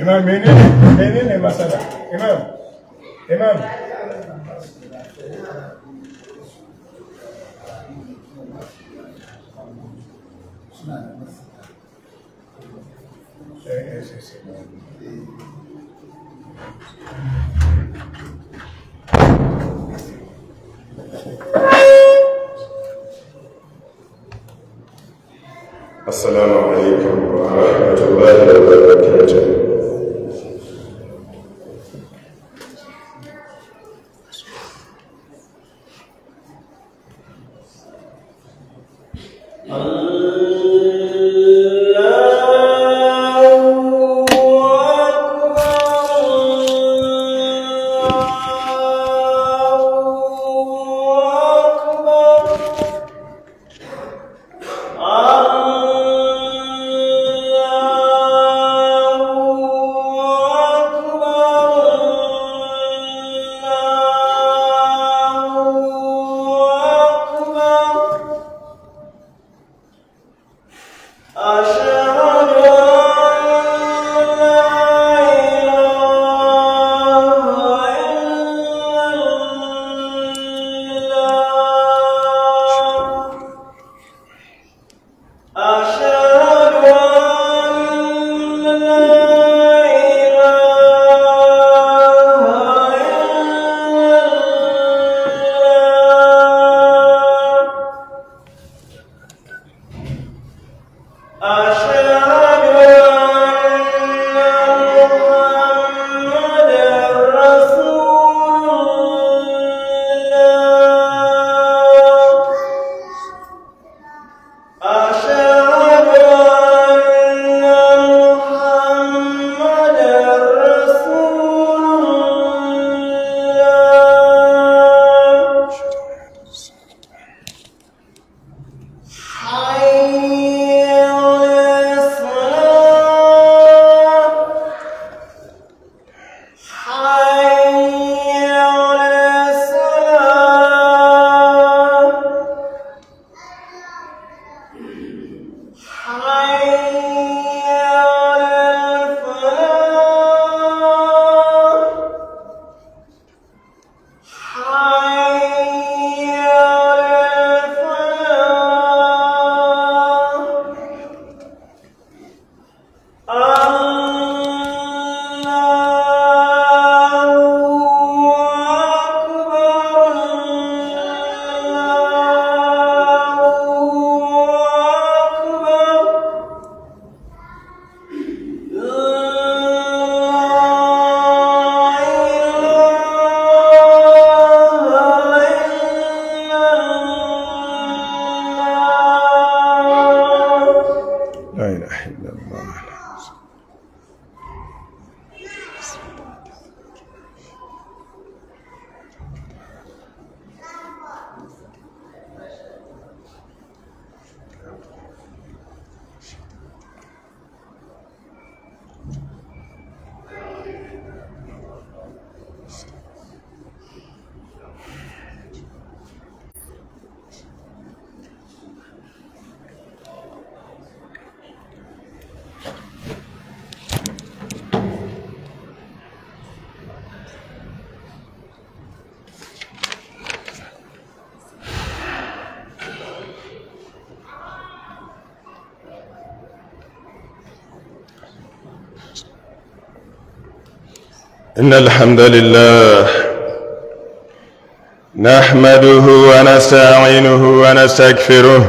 You know, beni ne masada? Oh. إن الحمد لله نحمده ونستعينه ونستغفره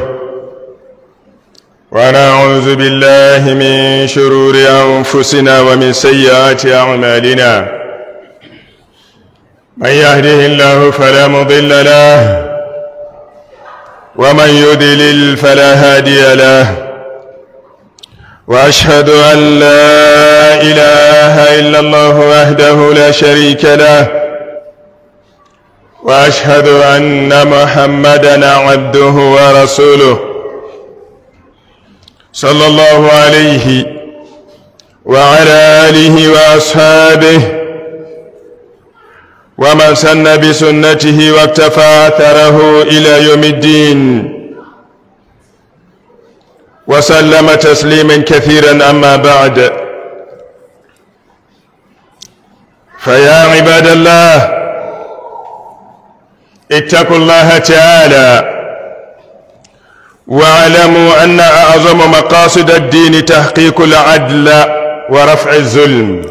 ونعوذ بالله من شرور أنفسنا ومن سيئات أعمالنا من يهده الله فلا مضل له ومن يدلل فلا هادي له وأشهد أن لا إله إلا الله وحده لا شريك له وأشهد أن محمدا عبده ورسوله صلى الله عليه وعلى آله وأصحابه ومن سن بسنته واكتفى أثره إلى يوم الدين وسلم تسليما كثيرا أما بعد فيا عباد الله اتقوا الله تعالى واعلموا أن أعظم مقاصد الدين تحقيق العدل ورفع الظلم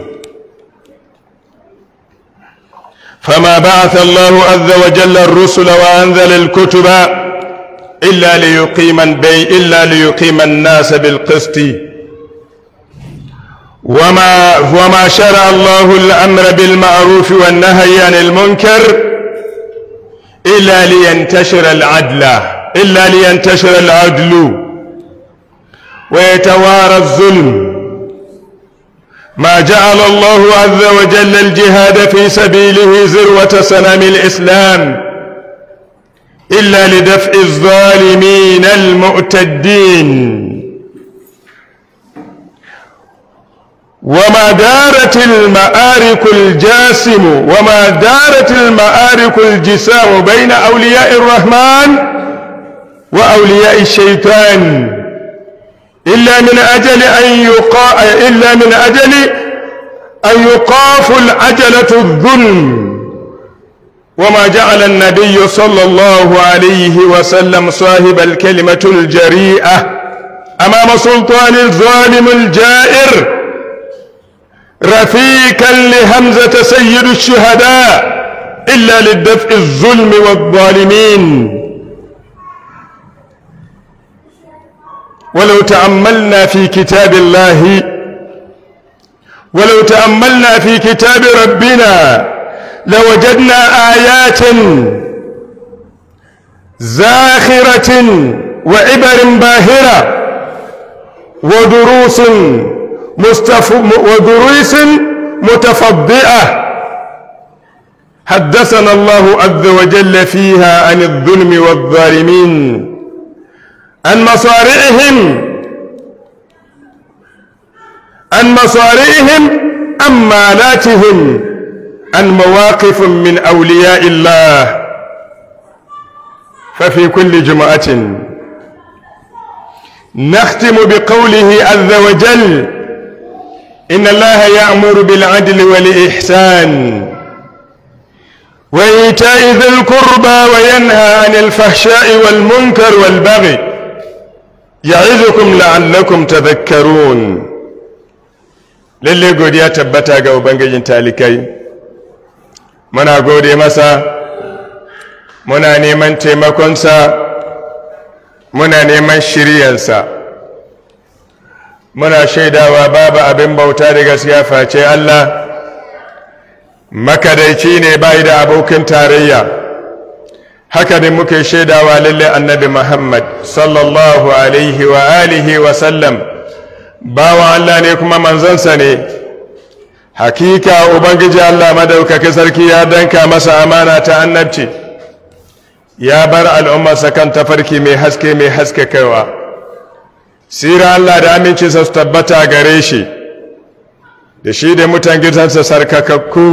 فما بعث الله عز وجل الرسل وأنزل الكتب إلا ليقيم البي إلا ليقيم الناس بالقسط وما وما شرع الله الأمر بالمعروف والنهي عن المنكر إلا لينتشر العدل إلا لينتشر العدل ويتوارى الظلم ما جعل الله عز وجل الجهاد في سبيله ذروة سنام الإسلام إلا لدفع الظالمين المعتدين وما دارت المآرك الجاسم وما دارت المآرك الجسام بين أولياء الرحمن وأولياء الشيطان إلا من أجل أن يقا إلا من أجل أن يقاف العجلة الظلم وما جعل النبي صلى الله عليه وسلم صاحب الكلمة الجريئة أمام سلطان الظالم الجائر رفيقا لهمزة سيد الشهداء إلا للدفع الظلم والظالمين ولو تأملنا في كتاب الله ولو تأملنا في كتاب ربنا لوجدنا آيات زاخرة وعبر باهرة ودروس مستف... ودروس متفضئة حدثنا الله عز وجل فيها عن الظلم والظالمين عن مصارعهم عن مصارعهم أم مالاتهم عن مواقف من أولياء الله ففي كل جمعة نختم بقوله عز وجل إن الله يأمر بالعدل والإحسان وإيتاء ذي القربى وينهى عن الفحشاء والمنكر والبغي يعظكم لعلكم تذكرون للي قد tabbata ga ubangijin تالكين muna gode masa muna neman taimakonsa muna neman shiryansa muna shaidawa babu abin bauta da gaskiya face Allah makadaici ne bai da abokin tarayya haka ne muke shaidawa lalle annabi Muhammad sallallahu alaihi wa alihi wa sallam bawa Allah ne kuma manzansa ne hakika ubangiji allah madaukaki sarki ya danka masa amana ta annabci ya bar al'ummarsa kan tafarki mai haske mai haske kaiwa sira allah da amincinsa su tabbata gare shi da shi da mutan gidansa sarkakakku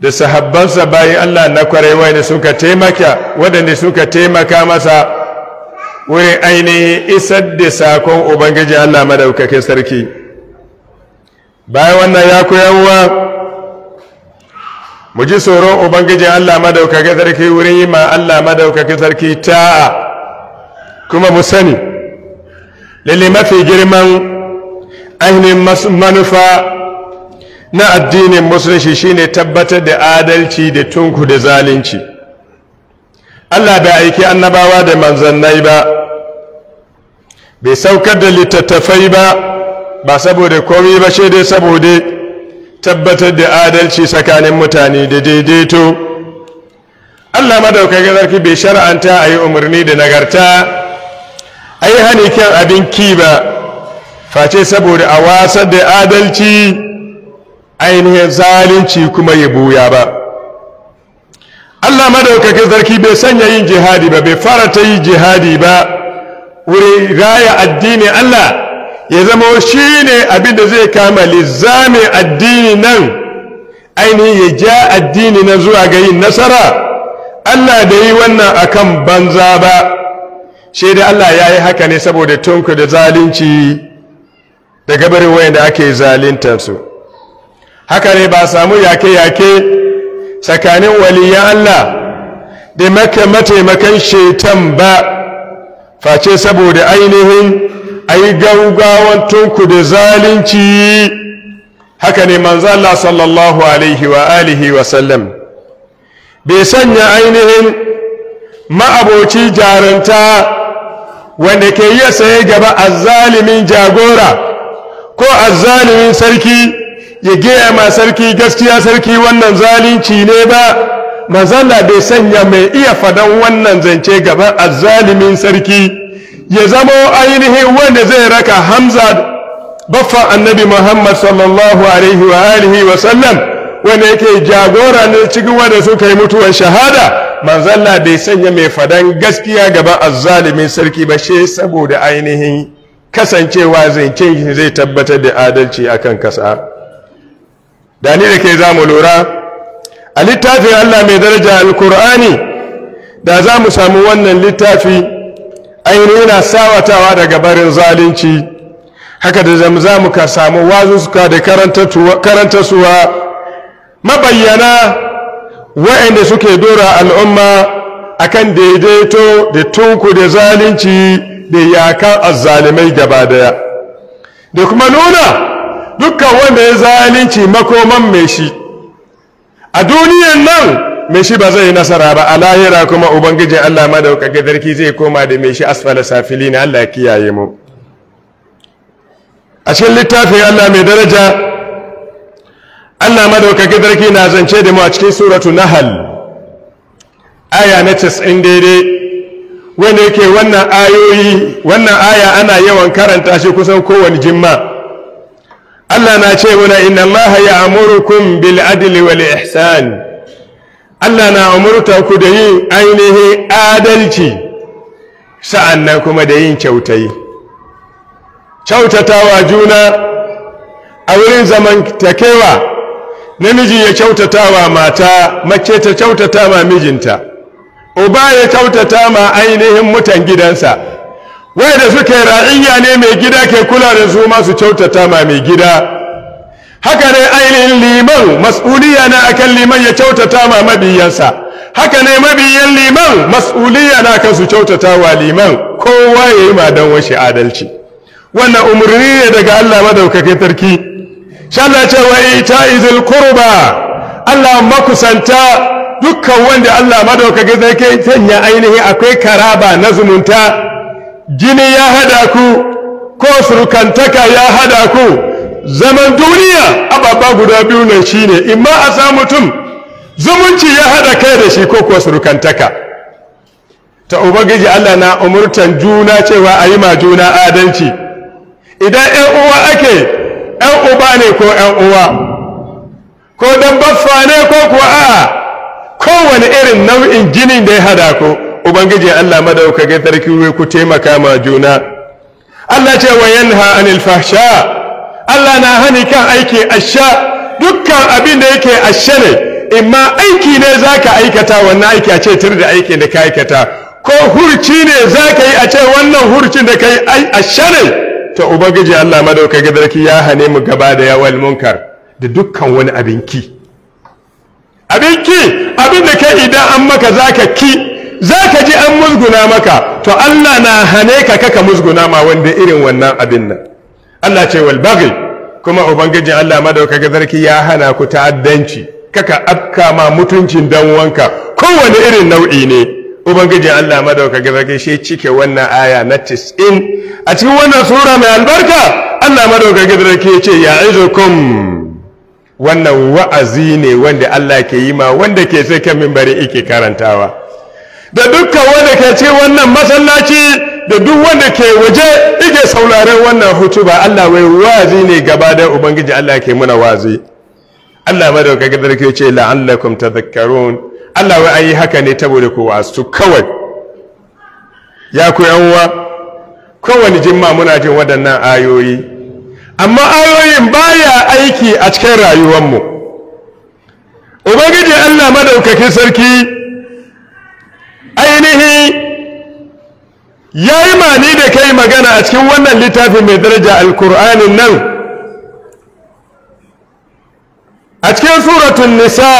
da sahabbansa bayan allah na kwarai wani suka taimaka waɗanda suka taimaka masa wurin ainihin isar da sakon ubangiji allah madaukakin sarki bayan wannan ya koyarwa mu ji tsoron ubangijin allah madaukakin sarki wurin yi ma allah madaukakin sarki ta'a kuma mu sani lalle mafi girman ainihin manufa na addinin musulunci shine tabbatar da adalci da tunku da zalunci allah bai aiki annabawa da manzannai ba bai saukar da littattafai ba ba saboda komi ba shi dai saboda tabbatar da adalci tsakanin mutane da daidaito Allah madaukakin sarki bai shar'anta a yi umarni da nagarta a yi hani kyan abin ki ba face saboda a wasar da adalci ainihin zalunci kuma ya buya ba Allah madaukakin sarki bai sanya yin jihadi ba bai fara ta yi jihadi ba wuri raya addini Allah ya zama shi ne abin da zai kama lizamin addini nan ainihin ya ja addini nan zuwa ga yin nasara Allah da yi wannan akan banza ba shi da Allah ya yi haka ne saboda tunku da zalunci da gabarin wayan da ake zaluntansu haka ne ba samu yake-yake tsakanin waliyan Allah da maka mataimakan shaitan ba face saboda ainihin ai gaugawan tunku da zalunci haka ne manzo Allah sallallahu alaihi wa alihi wa sallam bai sanya ainihin ma'aboci jaranta wanda ke iya saye gaba azzalimin jagora ko azzalimin sarki ya gaya ma sarki gaskiya sarki wannan zalunci ne ba Allah bai sanya mai iya fadan wannan zance gaba azzalimin sarki ya zama ainihin wanda zai raka hamza baffa annabi muhammad sallallahu alaihi wa alihi wa sallam wanda yake jagora ne cikin wanda suka yi mutuwar shahada manzalla bai sanya mai fadan gaskiya gaba azzalimin sarki ba shi saboda ainihin kasancewa zancen zai tabbatar da adalci akan kasa da ni da ke za mu lura a littafin allah mai daraja alkur'ani da za mu samu wannan littafi ainihi na sawatawa daga barin zalunci haka da zamza muka samu wazuzuka da karanta suwa mabayyana wa'anda suke dora al'umma akan daidaito da tunku da zalunci da yakan azzalimai gaba daya da kuma nuna dukkan wanda ya zalunci makoman mai shi a duniyan nan mai shi ba zai yi nasara ba a lahira kuma ubangijin Allah ma madaukake darki zai koma da mai shi asfala safili na Allah kiyaye mu a cikin littafin Allah mai daraja Allah ma madaukake darki na zance da mu a cikin suratu nahal aya na casin daidai wanda yake wannan ayoyi wannan aya ana yawan karanta shi kusan kowane jimma Allah na ce muna inna Allah ya amurukum bil adli wal ihsan Allah na umurta ku da yin ainihin adalci sa'an nan kuma da yin kyautai kyautatawa juna a wurin zaman zamantakewa namiji ya kyautatawa mata mace ta kyautata ma mijinta uba ya kyautata ma ainihin mutan gidansa wai da suke ra'iyya ne mai gida ke kula da su masu kyautata ma mai gida haka ne ainihin liman mas'uliya na akan liman ya kyautata ma mabiyansa haka ne mabiyan liman mas'uliya na kan su kyautata wa liman kowa ya yi madan washe adalci wannan umarni ne daga Allah madaukakai tarki shallah ce wa ita izil kurba Allah makusanta dukkan wanda Allah zai kai sanya ainihin akwai karaba na zumunta jini ya hada ku ko surkantaka ya hada ku zaman duniya ababa guda biyu nan shine in ma a sa mutum zumunci ya haɗa kai da shi ko kuwa surukantaka ta ubangiji allah na umurtan juna cewa a yi ma juna adalci idan yan uwa ake yan uba ne ko yan uwa ko dan baffa ne ko kuwa Ko kowane irin nau'in jinin da ya hada ko ubangiji allah madaukakin sarki ku taimaka ma juna allah ce wa yanha anil fahsha Allah na hani kan aiki asha dukkan abin da yake asha ne imma aiki ne zaka aikata wannan aiki a ce tir da aiki da ka aikata ko hurci ne zaka yi a ce wannan hurcin da kai ai asha ne to ubangiji Allah ga darki ya hane mu gaba da yawal munkar da dukkan wani abin ki abin ki abin da kai idan an maka zaka ki zaka ji an musguna maka to Allah na hane ka kaka musguna ma wanda irin wannan abin nan Allah ce wal baghi kuma ubangijin Allah madaukakin sarki ya hana ku ta'addanci kaka afka ma mutuncin dan wanka kowane irin nau'i ne ubangijin Allah madaukakin sarki shi cike wannan aya na 90 a cikin wannan sura mai albarka Allah madaukakin sarki ya ce izukum wannan wa'azi ne wanda Allah ke yi ma wanda ke sai kan minbari yake karantawa da dukkan wanda ke cikin wannan masallaci da duk wanda ke waje ike sauraren wannan hutu, ba Allah wai wazi ne gaba da ubangiji Allah ke muna wazi Allah ma madaukakin sarki ce la'allakum tadhakkarun Allah wai ayi haka ne saboda ku wasu kawai ya ku yanwa kowane jimma muna jin waɗannan ayoyi amma ayoyin baya aiki a cikin rayuwarmu ubangiji Allah madaukakin sarki ainihin ya yi mani da kai magana a cikin wannan littafin mai daraja Alkur'ani nan a cikin suratun nisa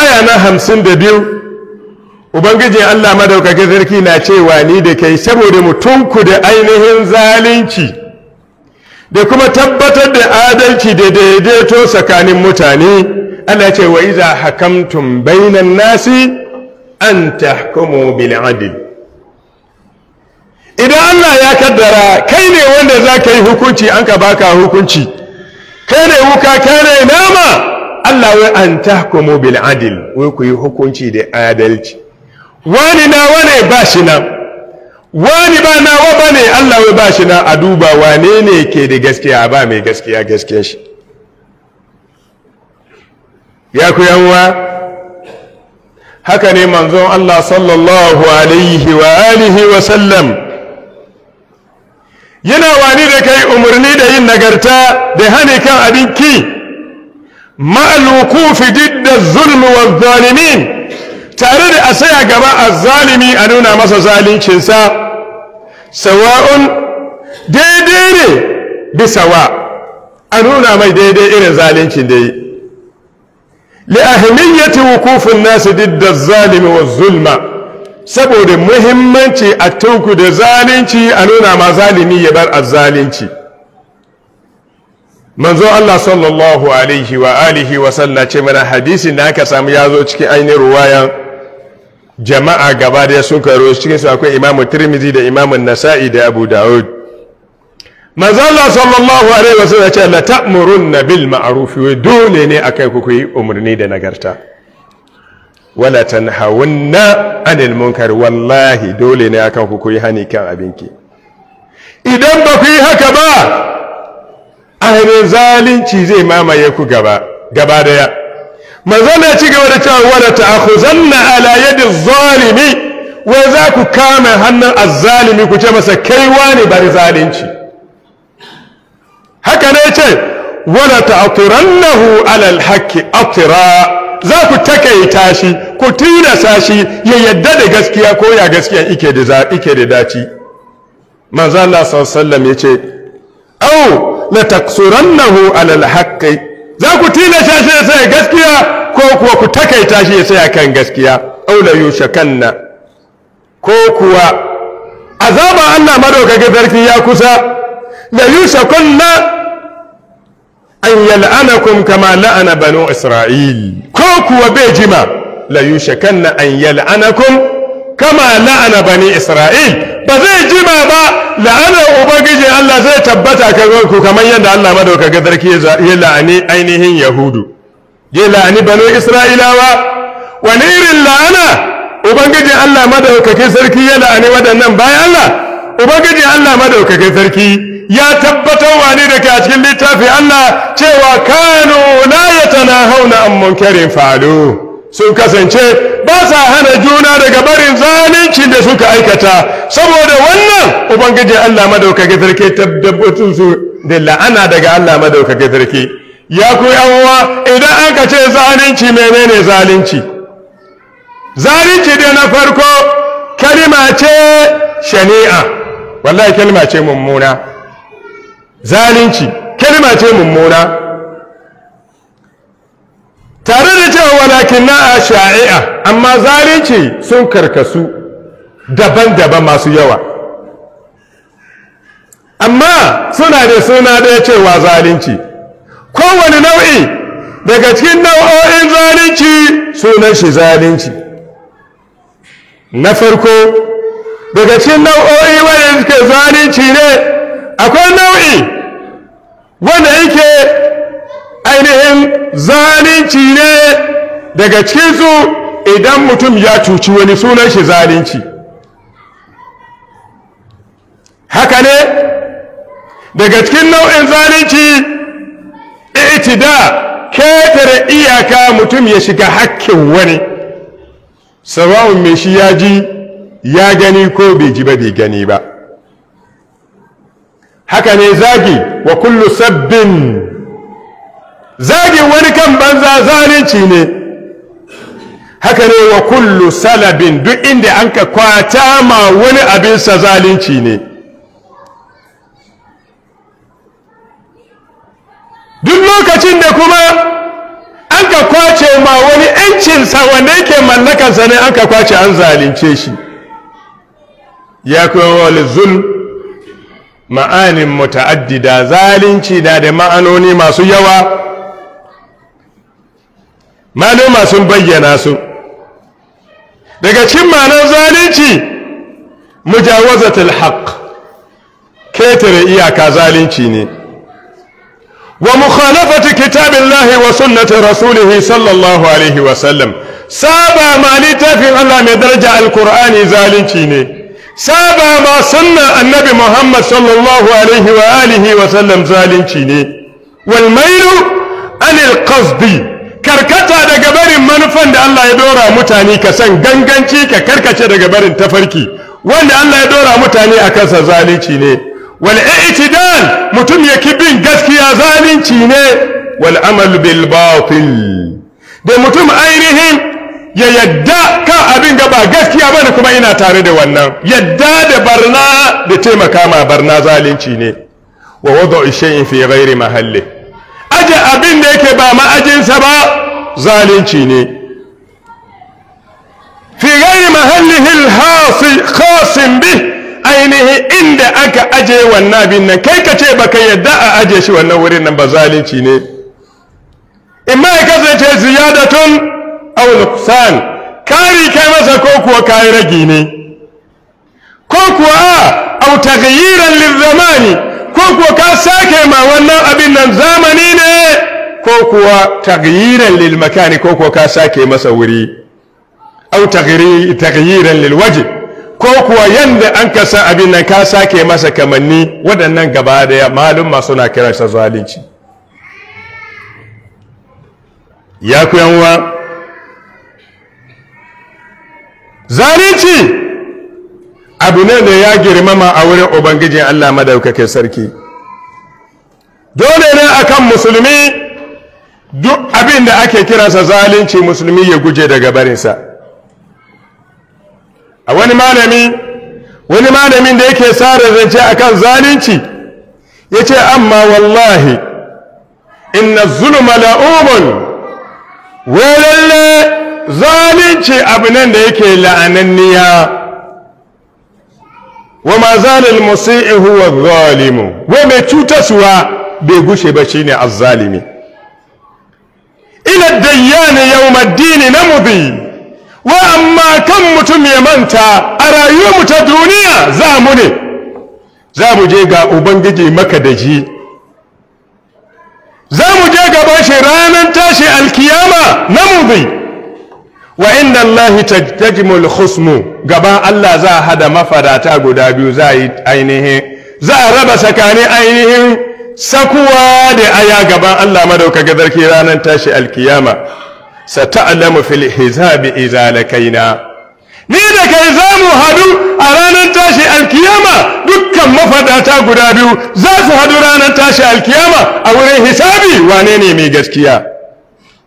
aya na hamsin da biyu ubangijin allah madaukakin sarki na cewa ni da kai saboda mutunku da ainihin zalunci da kuma tabbatar da adalci da daidaito tsakanin mutane allah ce wa iza hakamtum bainan nasi an tahkumu bil adil idan Allah ya kaddara kai ne wanda za ka yi hukunci an ka baka hukunci kai ne wuka kai ne nama Allah wai an tahkumu bil adil wai ku yi hukunci da adalci wani na wane ba shi na? wani ba nawa ba ne Allah wai ba shi na a duba wane ne ke da gaskiya ba mai gaskiya gaskiya shi ya ku yanwa haka ne manzon Allah sallallahu alaihi wa alihi wa sallam yana wani da kai umarni da yin nagarta da hane kan abin ki ma'aluku fi didda zulmi wa tare da a saya gaba a zalimi a nuna masa zalincinsa sawa'un daidai ne bisa wa a nuna mai daidai irin zalincin da yi li'ahimiyyati wukufin nasu didda zalimi wa zulma saboda muhimmanci a tunku da zalunci a nuna ma zalimi ya bar zalunci. manzo Allah sallallahu alaihi wa alihi wa sallam ce mana hadisi da aka samu ya zo cikin ainihin ruwayan jama'a gaba da sun karo cikin su akwai imamu Turmizi da imamu nasa'i da abu da'ud manzo Allah sallallahu alaihi wa sallam ce la ta'murunna bil ma'ruf wa dole ne akai ku yi umarni da nagarta wala tanhawunna anil munkar wallahi dole ne akan ku koyi hani kan abinki idan ba ku yi haka ba ainihin zalunci zai mamaye ku gaba gaba daya mazana ci gaba da cewa wala ta'khuzanna ala yadi zalimi wai za ku kama hannun azalimi ku ce masa kaiwa ne bari zalunci haka ne ce wala aturannahu ala alhaqi atra za ku takaita shi ku tilasa shi ya yadda da gaskiya ko ya gaskiya ike da ike da daci manzo Allah sallallahu ya ce au la taksurannahu ala alhaqi za ku tilasa shi ya sai gaskiya ko kuwa ku takaita shi ya sai akan gaskiya au la yushakanna ko kuwa azaba Allah madaukakin sarki ya kusa la yushakanna an yal'anakum kama la'ana banu isra'il ko kuwa bai jima la yushakanna an yal'anakum kama la'ana bani isra'il ba zai jima ba la'anar ubangiji Allah zai tabbata ku kamar yadda Allah madaukakin sarki ya la'ani ainihin yahudu ya la'ani bani isra'ilawa wani irin la'ana ubangiji Allah madaukakin sarki ya la'ani waɗannan bayan Allah ubangiji Allah madaukakin sarki ya tabbatar wa ne a cikin littafi Allah cewa kanu la yatanahawna an munkarin fa'alu sun kasance ba sa hana juna daga barin zalincin da suka aikata saboda wannan ubangiji Allah madaukake sarki tabbatun su da la'ana daga Allah madaukake sarki ya ku yawwa idan aka ce zalunci menene zalunci zalunci da na farko kalima ce shani'a wallahi kalima ce mummuna zalunci kalima ce mummuna tare da cewa walakin na a sha'i'a amma zalunci sun karkasu daban-daban masu yawa amma suna da suna ɗaya cewa zalunci kowane nau'i daga cikin nau'o'in zalunci sunan shi zalunci na farko daga cikin nau'o'i wanda suke zalunci ne akwai nau'i wanda yake ainihin zalunci ne daga cikinsu idan mutum ya cuci wani sunan shi zalunci haka ne daga cikin nau'in zalunci itida ketare iyaka mutum ya shiga hakkin wani sabawun mai shi ya ji ya gani ko bai ji ba bai gani ba haka ne zagi wa kullu sabbin zagin wani kan banza zalunci ne haka ne wa kullu salabin duk inda an ka kwata ma wani abinsa zalunci ne duk lokacin da kuma an ka kwace ma wani ‘yancinsa wanda yake mallakansa ne an ka kwace an zalunce shi ya kuma wani ma'anin muta'addida zalunci da da ma'anoni masu yawa maluma sun bayyana su daga cin ma'anar zalunci mujawazatul haqq ketare iyaka zalunci ne wa mukhalafati kitabillahi wa sunnati rasulihi sallallahu alaihi wa sallam saba ma littafin Allah mai daraja alqur'ani zalunci ne saba ma sunna annabi Muhammad sallallahu alaihi wa alihi wa sallam zalunci ne wal mailu anil qasdi karkata daga barin manufan da Allah ya dora mutane ka san ganganci ka karkace daga barin tafarki wanda Allah ya dora mutane a kansa zalunci ne wal i'tidal mutum ya bin gaskiya zalunci ne wal amal bil batil da mutum ainihin ya yadda ka abin ga, ba gaskiya ba bane kuma ina tare da wannan yadda da barna da taimaka ma barna zalunci ne wa wada'u shay'in fi ghairi mahallihi aje abin da yake ba ma'ajinsa ba zalunci ne fi gairi hasi khasin bi ainihi inda aka aje wannan abin nan kai ka ce baka yadda a aje shi wannan wurin nan ba zalunci ne in imma ya kasance ziyadatun aw nuqsan kari kai masa ko kuwa kai ragi ne ko kuwa aw taghyiran zamani ko kuwa ka sake ma wannan abin nan zamani ne ko kuwa tagyiran lil makani ko kuwa ka sake masa wuri au tagyiran lil waje ko kuwa yanda an ka sa abin nan ka sake masa kamanni waɗannan gaba daya malum ma suna kira sa zalunci ya ku yan uwa zalunci abu ne da ya girmama a wurin ubangijin Allah madaukake sarki dole ne akan musulmi duk abin da ake kiransa zalunci musulmi ya guje daga barinsa a wani malami wani malamin da yake sare zance akan zalunci ya ce amma wallahi inna zulma la'umun walalle zalunci abu nan da yake la'ananniya wa ma zalil musi'i huwa zalimu Wa mai cutarwa bai gushe ba shine azzalimi ila dayyani ad din namudi wa amma kan mutum ya manta a rayuwar mu ta duniya za mu ne za mu je ga ubangiji maka da ji za mu je gaban shi ranar tashi alkiyama namudi wa inda Allahi tajmul khusmu gaban Allah za a hada mafadata guda biyu za a yi ainihin za a raba tsakanin ainihin sakuwa da aya gaban Allah ga zarki ranar tashi alkiyama sata'lamu fil hizabi idza lakaina ni da kai za mu hadu a ranar tashi alkiyama dukkan mafadata guda biyu za su hadu ranar tashi alkiyama a wurin hisabi wane ne mai gaskiya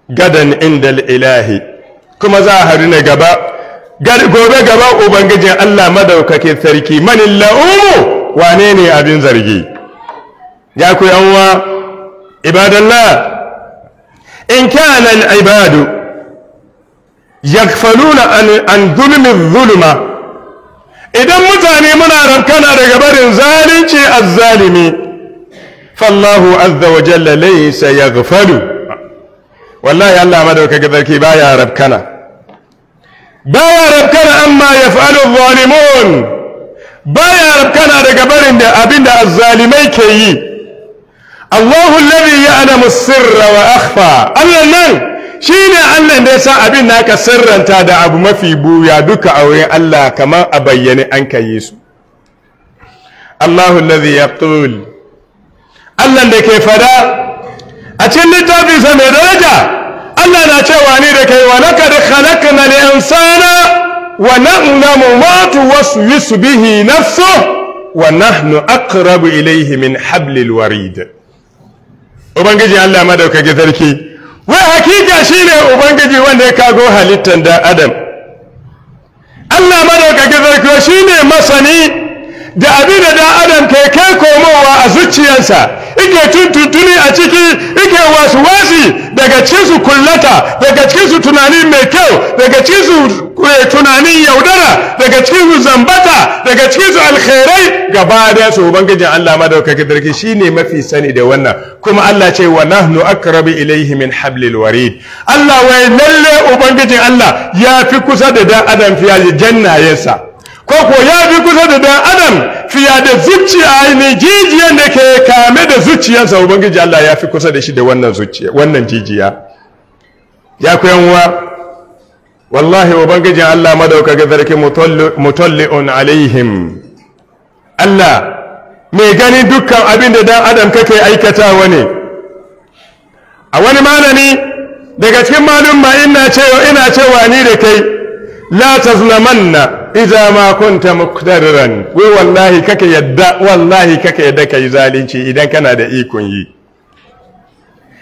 gadan indal ilahi kuma za a haru gaba gobe gaba ubangijin Allah madaukakin sarki manillahu la'umu wane ne abin zargi ya ku yanwa ibadallah in kana al-ibadu yakfaluna an zulmin zulma idan mutane muna rankana daga barin zalunci zalimi. fallahu azza wa jalla laysa yaghfalu wallahi Allah madaukakin sarki baya rabkana baya rabkana amma yaf'alu zalimun baya rabkana daga barin da abinda zalimai ke yi Allahu ya ya'lamu sirra wa akhfa nan shine Allah da ya sa abin da aka sirranta da abu mafi buya duka a wurin Allah kamar a bayyane an ka yi su Allahu ya tuli Allah da ke fada a cikin littafinsa mai daraja Allah na cewa ni da kai wa laqad da al sana wa wasu yi su bihi na so wa na nahnu rabu ilaihi min hablil warid ubangiji Allah madaukake sarki wai hakika ne ubangiji wanda ya kago halittar da adam Allah madaukake sarki ne masani da abin da dan adam ke kai komowa a zuciyarsa ike tuntuntuni a ciki ike wasu wasi daga cikinsu kullata daga cikinsu tunani mai kyau daga cikinsu eh, tunanin yaudara daga cikinsu zambata daga cikinsu alkhairai gaba da su ubangijin Allah madaukakin sarki shine mafi sani da wannan kuma Allah ce wa nahnu aqrabu ilayhi min hablil warid Allah wai lalle ubangijin Allah ya fi kusa da dan adam fiye jannayensa Koko ya bi kusa da dan adam fiya da zuciya ne jijiyan da ke kame da zuciyarsa ubangiji Allah ya fi kusa da shi da wannan zuciya wannan jijiya ya ku yanwa wallahi ubangijin Allah madaukakin sarki mutalli'un alaihim Allah mai gani dukkan abin da dan adam kake aikatawa ne a wani malami daga cikin malumma ma ina cewa ina cewa ni da kai la tazlamanna Iza ma kunta muqtadiran wai wallahi kaka yadda wallahi kaka yadda kai zalunci idan kana da ikon yi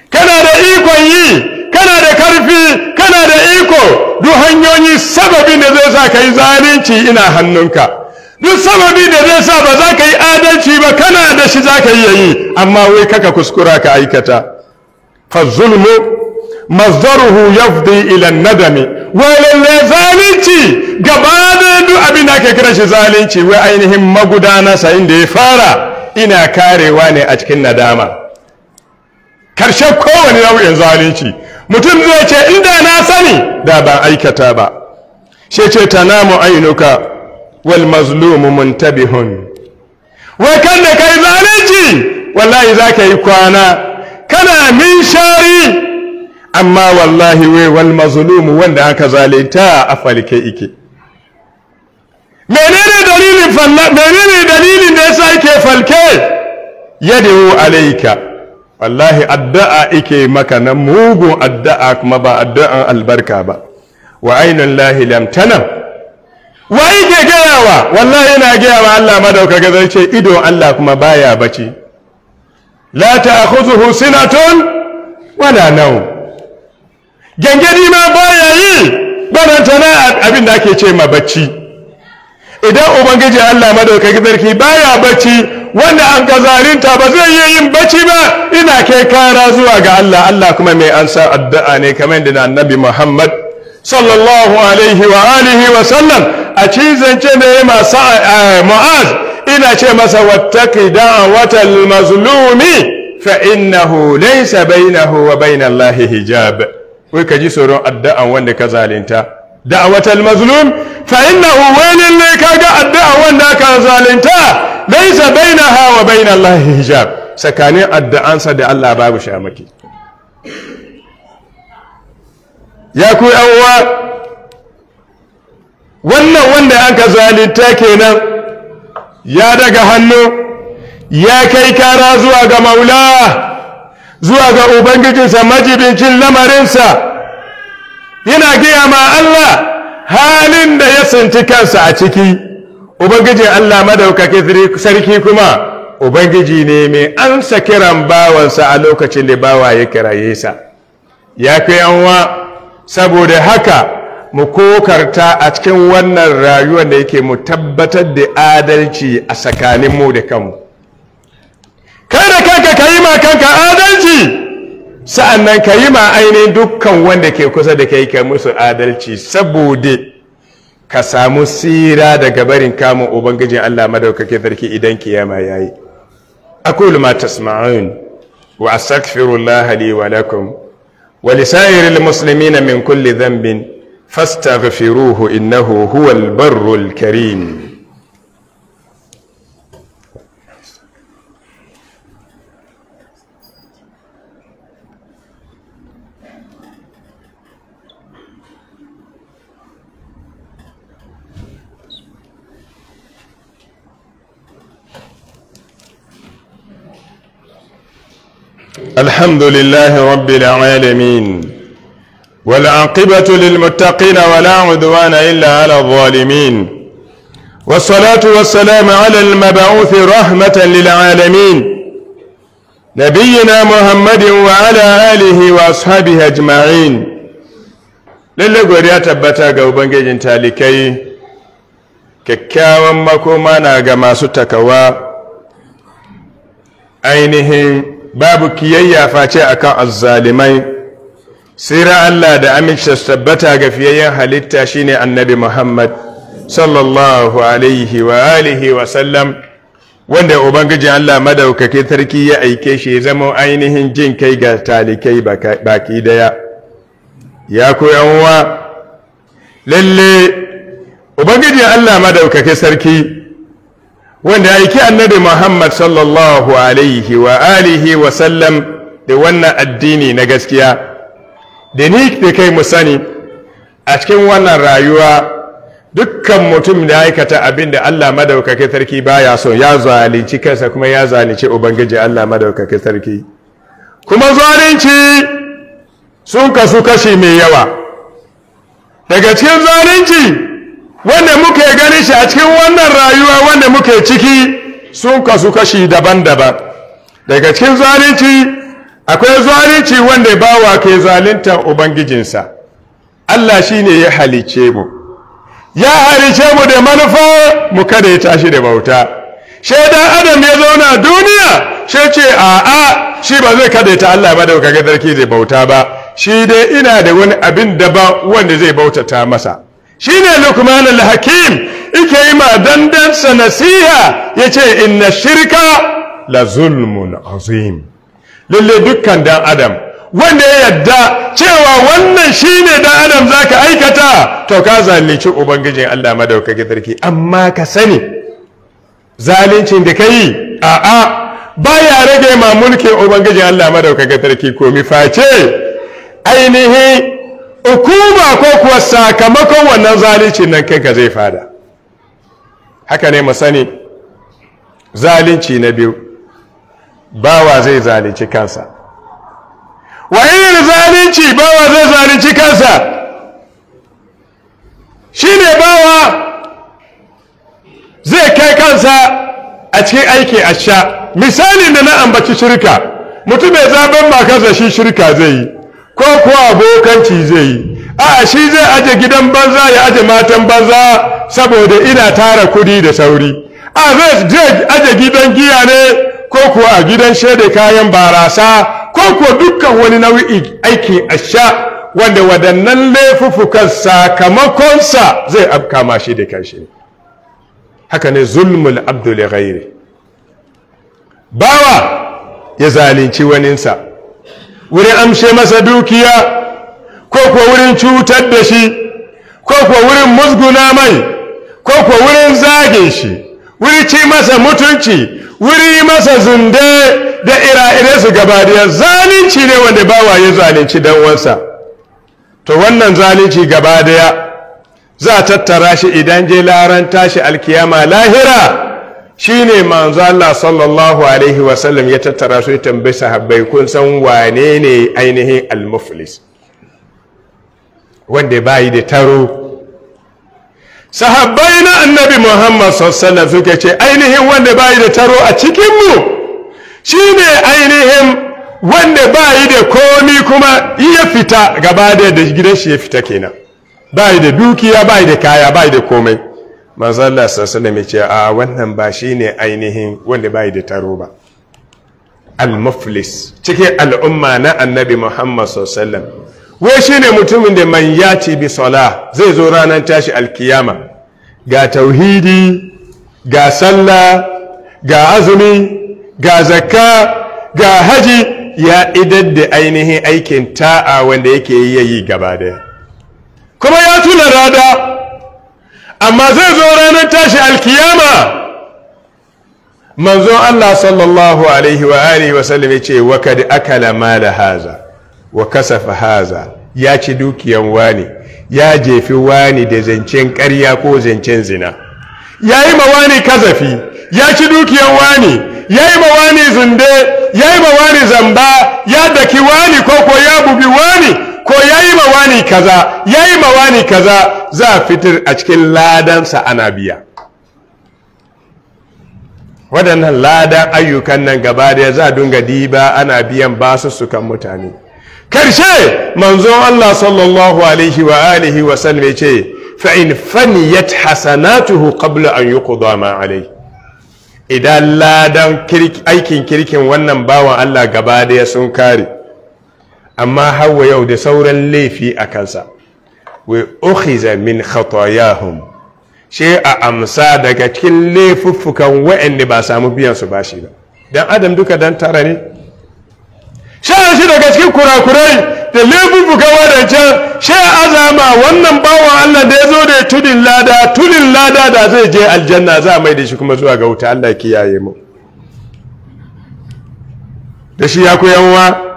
kana da ikon yi kana da karfi kana da iko duk hanyoyi sababin da zai sa kai zalunci ina hannunka duk sababi da zai sa ba za ka yi adalci ba kana da shi za ka yi yi amma wai kaka kuskura ka aikata fa zulmu mazdaruhu yafdi ila nadami wai lallai zalunci gaba da duk abin da ake kira shi zalunci wai ainihin magudana sayin da ya fara ina karewa ne a cikin nadama karshe kowane nau'in zalunci mutum zai ce inda na sani da ba aikata ba shi ce namu ainuka wal mazlumu muntabihun wai kan da kai zalunci wallahi za ka yi kwana kana min shari amma wallahi wai wal mazlumu wanda aka zalunta a falke ike menene dalilin falla menene dalilin da yasa yake falke yadu alayka wallahi addu'a ike maka nan mugu addu'a kuma ba addu'an albarka ba wa ainul lahi lam tana wa yake gayawa wallahi yana gayawa Allah ga zai ce ido Allah kuma baya bace la ta'khudhuhu sinatun wala nawm gangani ma baya yi barantana abin da ake ce ma bacci idan ubangiji allah madaukakin sarki baya bacci wanda an ka ba zai iya yin bacci ba ina kai kara zuwa ga allah allah kuma mai ansa addu'a ne kamar da annabi muhammad sallallahu alaihi wa alihi wa sallam a cizance da ya masa mu'az ina ce masa wattaki da'awatal mazlumi fa innahu laysa bainahu wa bainallahi hijab wai ka ji tsoron addu'an wanda ka zalinta da'watal mazlum fa innahu wailin ne kaga addu'an wanda ka zalinta hawa bai wa Allah hijab tsakanin addu'ansa da Allah babu shamaki ya ku uwa wannan wanda an ka zalinta kenan ya daga hannu ya kai kara zuwa ga maula zuwa ga ubangijinsa majibincin lamarinsa yana gaya ma Allah halin da ya tsinci kansa a ciki ubangijin Allah madaukake sarki kuma ubangiji ne mai ansa kiran bawansa a lokacin da bawa ya kiraye sa ya kai anwa saboda haka mu kokarta a cikin wannan rayuwar da yake mu tabbatar da adalci a tsakaninmu da kanmu kai da kanka ka yi ma kanka adalci sa'an nan ka yi ma ainihin dukkan wanda ke kusa da kai ka musu adalci saboda ka samu tsira daga barin kamun ubangijin Allah madaukake sarki idan kiyama ya yi aqulu ma tasma'un wa astaghfirullah lahali wa lakum wa li muslimina min kulli zambin fastaghfiruhu innahu huwal barrul karim الحمد لله رب العالمين والعاقبة للمتقين ولا عدوان إلا على الظالمين والصلاة والسلام على المبعوث رحمة للعالمين نبينا محمد وعلى آله وأصحابه أجمعين lalle godiya tabbata ga ubangijin talikai kyakkyawan makoma na ga masu takawa babu kiyayya face a kan azzalimai sira Allah da amince tabbata ga fiyayyen halitta shine annabi Muhammad sallallahu alaihi wa alihi wa sallam wanda ubangijin Allah madaukake sarki ya aike shi ya zama ainihin jin kai ga talikai baki daya ya koyan wa lalle ubangijin Allah maɗaukaki sarki wanda aiki annabi Muhammad sallallahu alaihi wa alihi wa sallam da wannan addini na gaskiya da ni da kai mu sani a cikin wannan rayuwa dukkan mutum da aikata abin da Allah madaukakin sarki baya so ya zalunci kansa kuma ya zalunci ubangiji Allah madaukakin sarki kuma zalunci sun kasu kashi mai yawa daga cikin zalunci wanda muke ganin shi a cikin wannan rayuwa wanda muke ciki sun kasu kashi daban-daban daga cikin zalunci akwai zalunci wanda bawa ke zalunta ubangijinsa Allah shi ne ya halice mu ya halice mu da manufa mu kada ya tashi da bauta shaidan adam ya zauna duniya shi ce a'a shi ba zai kada ta Allah ba da kaga sarki da bauta ba shi dai ina da wani abin da ba wanda zai bautata masa Shi ne al-hakim ike yi ma dandansa nasiha yace inna shirka la zulmun azim lulle dukkan dan adam wanda ya yadda cewa wannan shi ne dan adam zaka aikata to ka zalunci ubangijin Allah madaukaki sarki amma ka sani zaluncin da ka yi a'a baya rage ma mulkin ubangijin Allah madaukaki sarki komi face ainihi. hukuma ko kuwa sakamakon wannan zalunci nan kai ka zai fada haka ne mu sani zalunci na biyu bawa zai zalunci kansa wa irin zalunci bawa zai zalunci kansa shine bawa zai kai kansa a cikin aiki a sha misali da na ambaci shirka mutum ya zaben makarsa shi shirka zai yi ko kuwa abokanci zai yi a shi zai aje gidan banza ya aje matan banza saboda ina tara kudi da sauri a zai aje gidan giya ne ko kuwa a gidan shaida kayan barasa ko kuwa dukkan wani nau'i aiki a sha wanda waɗannan laifufukan sakamakonsa zai kama shi da kanshi ne haka ne zulmul abdul ghairi bawa ya zalunci waninsa wurin amshe masa dukiya ko kuwa wurin cutar da shi ko kuwa wurin musguna mai ko kuwa wurin zagin shi wuri ci masa mutunci wuri masa zunde da ira-ire su gabadiya zalunci ne wanda bawa ya zalunci dan wansa to wannan zalunci gaba gabadiya za a tattara shi idan je laran tashi alkiyama lahira shine manzo Allah sallallahu alaihi wasallam ya tattara su ya tambayi sahabbai kun san wane ne ainihin al-muflis wanda bayi da taro sahabbai na annabi Muhammad sallallahu suka ce ainihin wanda bayi da taro a cikin mu shine ainihin wanda bayi da komi kuma ya fita gaba da gidan shi ya fita kenan bayi da dukiya bayi da kaya bayi da komai manzo Allah sallallahu ce a wannan ba shine ainihin wanda bai da taro ba al-muflis cikin al'umma na annabi Muhammad sallallahu wai shi wai shine mutumin da man yati bi sola zai zo ranar tashi alkiyama ga tauhidi ga sallah ga azumi ga zakka ga haji ya idar da ainihin aikin ta'a wanda yake yi yayi gaba daya kuma ya tuna rada amma zai zo ranar tashi alkiyama Manzo Allah sallallahu alaihi wa alihi wa sallam yace wa kad akala mala haza wa kasafa haza ya ci dukiyan wani ya jefi wani da zancen ƙarya ko zancen zina ya yi ma wani kazafi ya ci dukiyan wani ya yi ma wani zunde ya yi ma wani zamba ya daki wani ko ko ya bubi wani ko yayi mawani kaza yayi mawani kaza za a fitar a cikin ladansa ana biya waɗannan ladan ayyukan nan gaba da za a dunga diba ana biyan basussukan mutane karshe manzon Allah sallallahu alaihi wa alihi wa sallam ya ce fa in faniyat hasanatuhu kabla an yuqda ma alai idan ladan aikin kirkin wannan bawan Allah gaba da sun kare amma hawa yau da sauran laifi a kansa wai ukhiza min khatayahum she a amsa daga cikin laifuffukan wa'anda ba samu biyan su bashi ba dan adam duka dan tara ne a shi daga cikin kurakurai da laifuffukan wadancan she azama wannan bawan Allah da ya zo da tudin lada tudin lada da zai je aljanna za mai da shi kuma zuwa ga wuta Allah kiyaye mu da shi ya wa.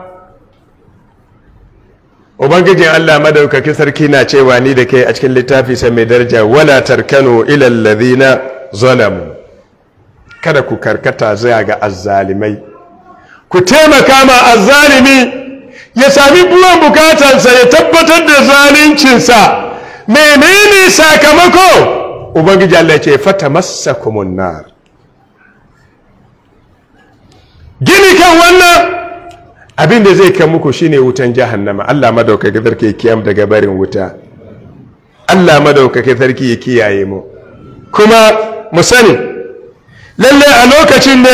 ubangijin allah madaukakin sarki na cewa ni da kai a cikin littafi sai mai daraja wala tarkanu ilal ladina zalamu kada ku karkata zuwa ga azzalimai ku taimaka ma azzalimi ya sami buwan bukatansa ya tabbatar da zaluncinsa menene sakamako ubangiji allah ce fata masa nar gini kan wannan abin da zai kan muku shine wutan jahannama Allah madaukake sarki ya kiyam daga barin wuta Allah madaukake sarki ya kiyaye mu kuma mu sani lalle a lokacin da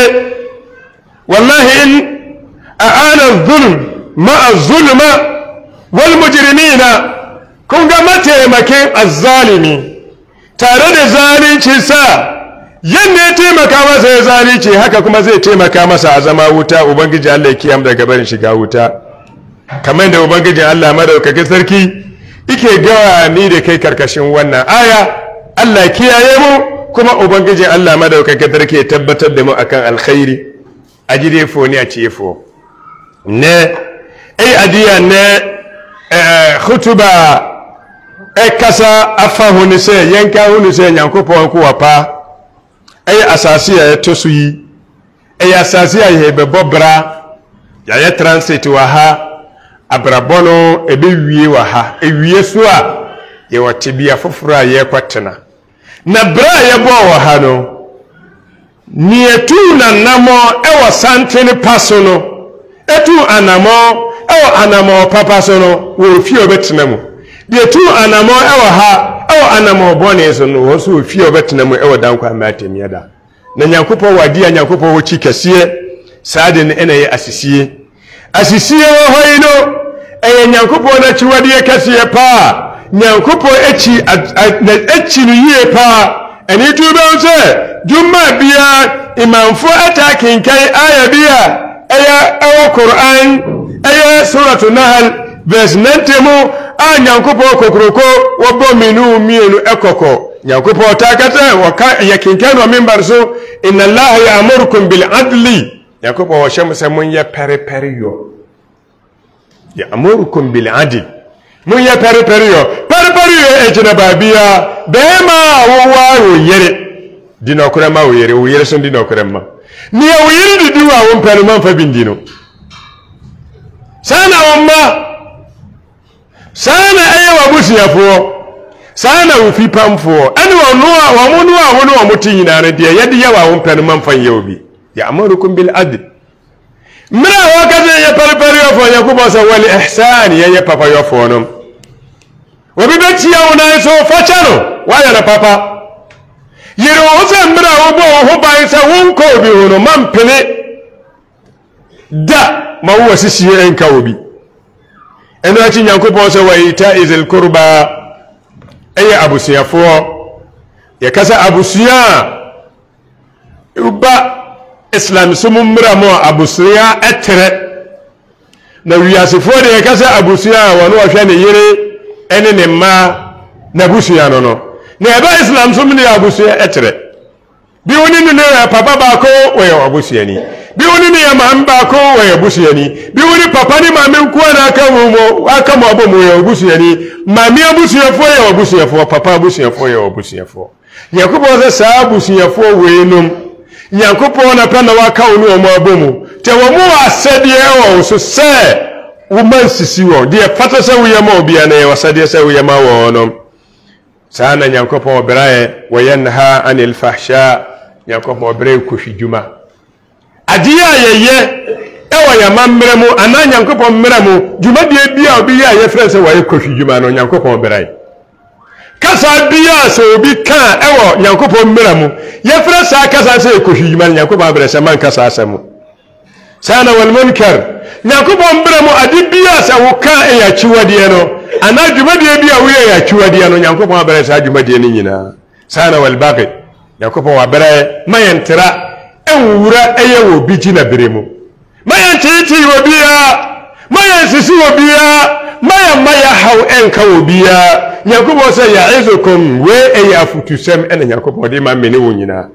wallahi in a'ana zulm ma'a zulma wal mujrimina kun ga mataimakin azzalimi tare da zalincin sa yadda ya taimaka masa ya ce haka kuma zai taimaka masa a zama wuta ubangiji allah ya kiyam daga barin shiga wuta kamar da ubangiji allah madaukakin sarki ike gawa ni da kai karkashin wannan aya allah kiyaye mu kuma ubangiji allah madaukakin sarki ya tabbatar da mu akan alkhairi a gidan fo ne a ciye fo ne ai adiya ne eh, eh, khutuba ai eh, kasa afa hunise yanka hunise yanko po ko fa. ɛyɛ asase a yɛto so yi ɛyɛ asase a yɛbɛbɔ bra yɛayɛ transit wɔ ha abrabɔ no ɛbɛwie wɔ ha ɛwie e so a yɛwɔ tebea foforɔ a yɛrekɔtena na bra a yɛbɔɔ wɔ ha no nea nanamɔ ɛwɔ santene pa so no Etu anamɔ ɛwɔ anammɔ papa so no wɔ ofie a wɔbɛtena mu deɛ tuu anammɔ ɛwɔ ha anamaɔbɔne so no wɔn so wɔfie wɔbɛtena mu ɛwɔ da nkwa mmerɛ atemmiɛ da na nyankopɔn wɔ adeɛ a nyankopɔn wɔ kyi kɛseɛ saa de no ɛna yɛ asisie asisie wɔ hɔ yi no ɛyɛ nyankopɔn n'akyiwadeɛ kɛseɛ paa nyankopɔn akyi na akyi no yie paa ɛne tu bɛn sɛ dwuma biara imanfo ataa kenkan aya bi a ɛyɛ ɛwɔ koran ɛyɛ suratu nahal verse 90 mu a nyankopɔn kokoroko wɔbɔ mmienu mmienu ɛkɔkɔ nyankopɔn taa kata wɔka ɛyɛ kenkan na ɔmembar so inna allaha ya'murukum bil adli nyankopɔn wɔhyɛ mo sɛ monyɛ pɛrepɛre yɔ ya'murukum bil adli monyɛ pɛrepɛre yɔ pɛrepɛre yɔ ɛgyina baabia bɛɛma a wowɔ wo yere di na ɔkora ma wo yere wo yere so di na ma nea wo yere didi wo a wo mpɛ no mamfa bi ndi no saa na wo mma saa na ɛyɛ wɔn abusuafoɔ saa na wofi pamfoɔ ɛne wɔn no a wɔn no a wɔn no wɔn te nyinaa no deɛ yɛde yɛ wɔn pɛ no ma nfa yɛ obi yɛ amarukum bil adi mmerɛ a wɔkasa yɛ pɛrɛpɛrɛfoɔ yɛ kó bɔ sɛ wɔle ɛhsan yɛyɛ papayɔfoɔ no obi bɛkyia wo nan so fakyɛ no wɔayɛ no papa yere wo sɛ mmerɛ a wobɔ wo ho ban sɛ wonkɔ obi ho no mampene da ma sisi sisie nka obi ɛno akyi nyankopɔn sɛ waita izil kurba ɛyɛ abusuafoɔ yɛkasa abusua a ba islam so mu mmra mu a abusua ɛterɛ na wiasefoɔ deɛ yɛkasa abusua a wɔne wɔhwɛ ne yere ɛne ne mmaa n'abusua no no na ɛba islam so mu ne abusua ɛterɛ bi wo ne no ne papa baako wɔyɛ abusuani biwuni ni yamam baako wɔ yɛ busuani biwuni papa ni maame nko na aka mu mu aka mu abɔ mu yɛ busuani maame abusuafoɔ yɛ abusuafoɔ papa abusuafoɔ yɛ abusuafoɔ nyakubɔn sɛ saa abusuafoɔ wei nom nyakubɔn na pɛ na waka wɔn wɔn abɔ mu tɛ wɔn mu asɛdeɛ wɔ so sɛ wɔma nsisi wɔ deɛ fata sɛ wɔyɛ ma obi anayɛ wɔsɛdeɛ sɛ wɔyɛ ma wɔn nom saa na nyakubɔn ɔbɛrɛ yɛ wɔyɛ nha anil fahya nyakubɔn ɔbɛrɛ yɛ kofi dwuma adeɛ a yɛyɛ ɛwɔ yɛma mmerɛ mu anaa nyankopɔn mmerɛ mu dwumadeɛ bi a obi yɛ a yɛfrɛ sɛ wɔyɛ kɔhwi dwuma no nyankopɔn berɛ kasa bi a sɛ obi kaa ɛwɔ nyankopɔn mmerɛ mu yɛfrɛ saa kasa sɛ ɛkɔhwi dwuma no nyankopɔn abrɛ sɛ manka saa asɛm saa na walmunkar nyankopɔn mmerɛ mu ade bi a sɛ wokaa ɛyɛ akyiwadeɛ no anaa dwumadeɛ bi a woyɛ yɛ akyiwadeɛ no nyankopɔn abrɛ saa dwumadeɛ no nyinaa saa na walbaki nyankopɔn wabrɛ ma yɛntera nwura ɛyɛ wɔ bi gyina bere mu mayɛ nkyeekyee wɔ biara mayɛ nsisi wɔ biara mayɛ mayɛ haw ɛnka wɔ biara nyankopɔn sɛ yɛaezokom wei ɛyɛ afotusɛm ɛna nyankopɔn de ma mene wɔ nyinaa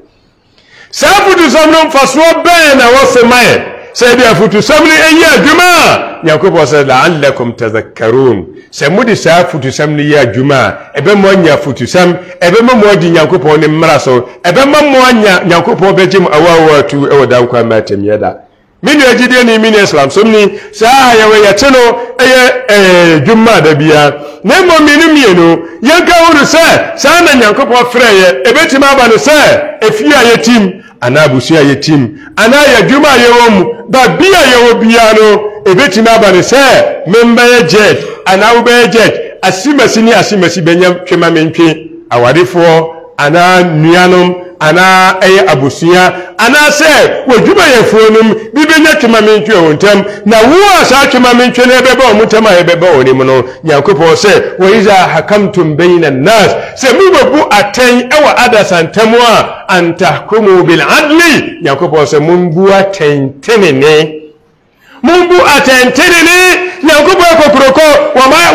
saa afotusɛm no mfasoɔ bɛn na wɔse mayɛ sai da futu samni an ya juma yakubu sai la'allakum tazakkarun sai mudi sa futu samni ya juma ebe mo nya futu sam ebe mo mo di yakubu ne mra so ebe mo mo nya yakubu be jim awawa tu e wadan kwa matem yada mini agyideɛ ne mini islam som ni saa yɛwɔ yɛte no ɛyɛ ɛɛ dwuma da bia na mmom mmienu mmienu yɛnka huru sɛ saa na nyankopɔn frɛ yɛ ebetumi aba no sɛ efie a yɛtim Ana abusua yɛtim anaa yɛadwuma a yɛwɔ mu baabi a yɛwɔ biara no ɛbɛtumi aba ne sɛ membɛyɛ jet anaa wobɛyɛ jet asimasi ne asimasi bɛnya twema mentwe awarefoɔ anaa nnuanom Ana ɛyɛ abusua anaasɛ wɔdwuma yɛ fuo no mu bi bɛnya twema me ntwe wɔn ntam na wo a saa twema me ntwe no ɛbɛba wɔn ntam a ɛbɛba wɔn anim no nyankopɔn sɛ wɔyiza hakamtum bɛyina nas sɛ mobɛbu atɛn ɛwɔ adasantam a antahkumu biladli nyankopɔn sɛ mombu atɛntenene mombu atɛntenene nyankopɔn akokuroko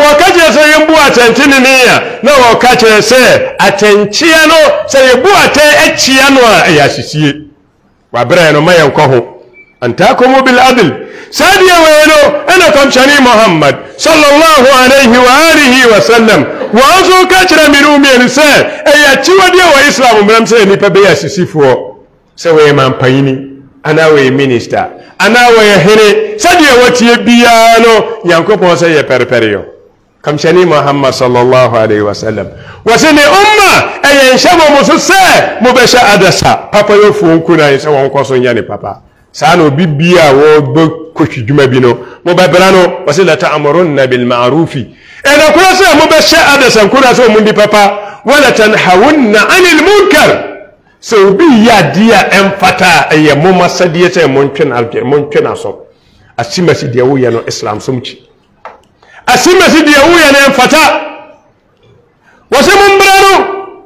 wɔka kyerɛ sɛ yɛmbu atɛnte ne ne a na wɔka kyerɛ sɛ atɛnkyeɛ no sɛ yɛbu atɛn akyia no a ɛyɛ ahyehyie wabrɛ no ma yɛnkɔ ho antakomu bil saa deɛ wei no ɛna kɔmkyɛne mohammad sallallahu alaihi wa alihi wasallam wɔn nso ka kyerɛ mmere mmienu sɛ ɛyɛ akyiwadeɛ wɔ islam mmerɛm sɛ nnipa bɛyɛ ahyisifoɔ sɛ wɔyɛ mampanyini anaa wɔyɛ minista anaa wɔyɛ hene sɛdeɛ wɔteɛ biara no nyankopɔn sɛ yɛ pɛrepɛre yɔ kamhyɛne muhammad sallallahu alaihi wasallam wɔse ne umma ɛyɛ nhyɛ mɔ mo so sɛ mobɛhyɛ adasa papa yɛfuo nkunan sɛ wɔnkɔ so nyɛ ne papa saa na obi bia a wɔbɛkɔtwi dwuma bi no mobɛbra no wɔse lataamurunna bilmarufi ɛnakora sɛ mobɛhyɛ adasa nkora sɛ ɔmundi papa walatanhawunna anil munkar sɛ obi yɛ adeɛ a ɛmfata a ɛyɛ moma sɛdeɛ sɛ montwe no so asimasi deɛ woyɛ no islam som kyi asimasi deɛ woyɛ no ɛmfata wɔ sɛ mommra no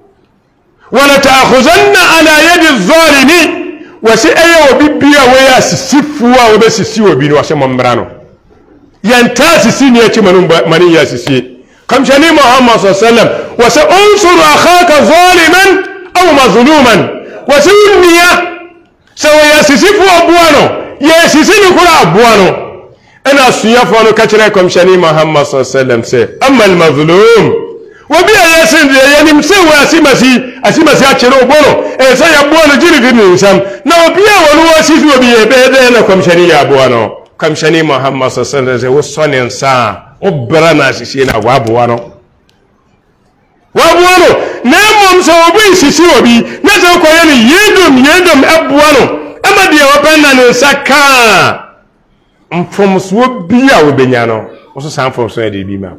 walataahozanna ala yɛde zɔlimi wɔ sɛ ɛyɛ obi bia wɔyɛ asisifoɔ a wɔbɛsisi wɔ bi no wɔ sɛ mommra no yɛntaa sisi ne akyi ma ne yɛ asisie kamhyɛne muhammad sa sallam wɔ sɛ unsuru akhaka zaliman au mazuluman wasinniya sawa yasisifu abuano yasisini kula abuano ina suyafano kacire komshani muhammad sallam se amma almazlum wabi ayasin yani msewa asimasi asimasi achiro bono esa ya buano jiri gini sam na wapia waluwa sisi wabi yebede na komshani ya abuano komshani muhammad sallam se wasoni nsa obrana sisi na wabuano wabuano sɛ obi sisi obi na sɛ ɔkɔyɛ no yedom yedom ɛboa no ɛma deɛ ɔbɛn na ne nsa kaa mfomsoɔ bi a wɔbɛnya no wɔso saa mfomsoɔ yɛ bi ma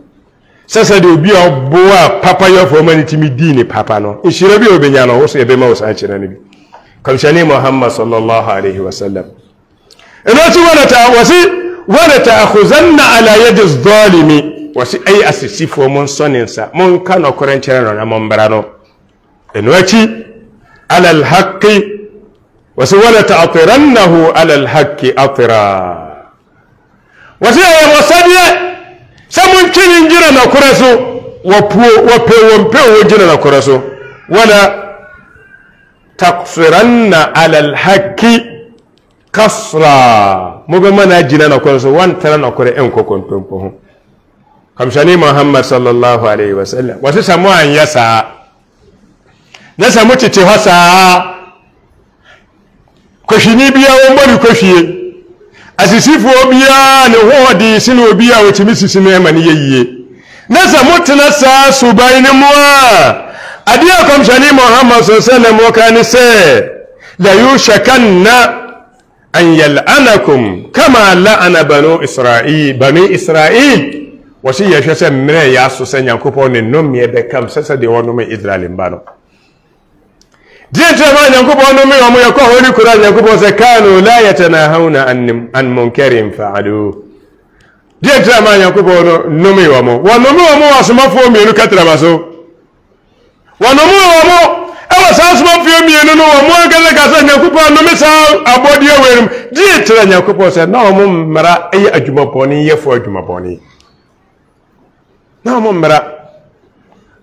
sɛ sɛ de obi a ɔboa papa yɛfoɔ ma no tumi dii ne papa no nhyira bi a wɔbɛnya no wɔso yɛbɛma wɔ saa nkyerɛ no bi kɔmhyɛne muhammad sallallahu alaihi wasallam ɛno akyi wɔna ta wɔse wɔna ta akhuzanna ala yadi zalimi wɔse ɛyɛ asisifoɔ mo nsɔ ne nsa monka nɔkorɛ nkyerɛ no na mommra no inuwaci alal haƙƙi wasu wala ta'atirannahu alal haƙƙi atira wasu yaya wasabiye samun kinin jina na kuraso wafe wamfe jina na kura su wani taksiranna alal haƙƙi kasra mu be mana jina na kuraso wan tara na kura en ko kon kamshani muhammad sallallahu alaihi wasallam wasu samuwa an yasa na sɛ motete hɔ saa kwahwini biara wɔmmɔ ne kwahwie asisifoɔ biara ne hoɔ de si ne obi a wɔtumi sisi no ɛma no yɛ yie na sɛ motena saa suban no mu a adeɛ a mohamad so sɛ na mɔka ne sɛ layushakanna an yal'anakum kama la'ana banu isra'il banu isra'il wɔsi yɛhwɛ sɛ mmerɛ yɛ aso sɛ nyankopɔn ne nnomeɛ bɛkam sɛ sɛ deɛ wɔnome israel mba no diɛntɛ ma nyankopɔn no me ɔmo yɛkɔ hɔ ne kora nyankopɔn sɛ kano la yatanahawna an munkarin faalu diɛntɛ ma nyankopɔn no nome wɔ mo wɔnome wɔ mo wɔ asomafoɔ mmienu katraba so wɔnome wɔ mo ɛwɔ saa asomafoɔ mmienu no wɔ mo ankasa ka sɛ nyankopɔn nome saa abɔdeɛ wɔ anim diɛntɛ nyankopɔn sɛ na ɔmo mmara ɛyɛ adwumabɔne yɛfo adwumabɔne na ɔmo mmara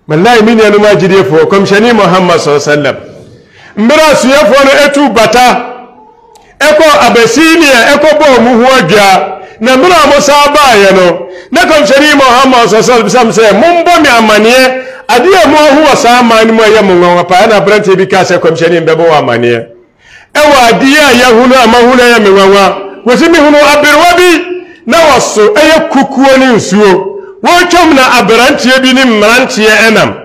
malayi mi nuanum agyidiɛfoɔ kɔmhyɛne muhammad sɔ sallam mbere asuafoɔ no tu bata ɛkɔ abasinia ɛkɔbɔɔ muhoɔ dwa na mbere a mosaa baeɛ no na kɔmhyɛne muhammad sɔsɛl bisam sɛ mombɔ me amanneɛ adeɛ a moahu wɔ saa aman no mu a ɛyɛ mo nwanwa paa ɛna aberanteɛ bi kaa sɛ kɔmhyɛne mbɛbɔ wɔ amanneɛ ɛwɔ adeɛ a yɛhunu a mahunu ɛyɛ me nwanwa wɔsi mehunu aberewa bi na wɔso ɛyɛ kukuo ne nsuo wɔretwam na aberanteɛ bi ne mmeranteɛ ɛnam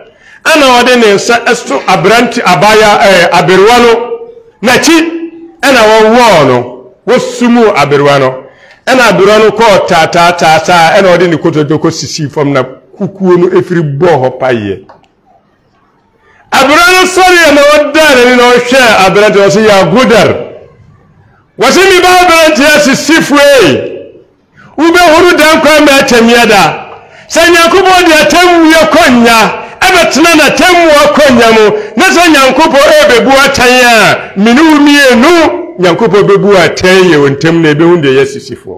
ana wɔde ne nsa ɛso aberante abaya ɛɛ eh, aberewa no n'akyi ɛna wɔwɔɔ no wɔsumu aberewa no ɛna aberewa no kɔɔ taataataataa ɛna wɔde ne kotodwe sisi fam na kukuo no efiri bɔɔ hɔ paeɛ aberewa no sɔre na wɔdaa n'ani na ɔhwɛ aberante wɔsɛ yɛ agodar wɔsɛ mi ba aberante asisi fue wobɛhuru dan kwan mɛ atɛmia da sɛ nyankopɔn de atɛmwie kɔ nya ɛbɛtena n'atammuo akɔnya mu na sɛ nyankopɔn ɛbɛbu atan a mene wo mmienu nyankopɔn bɛbu atɛn yɛ wɔ ntam na ɛbɛhu deɛ yɛ sisifoɔ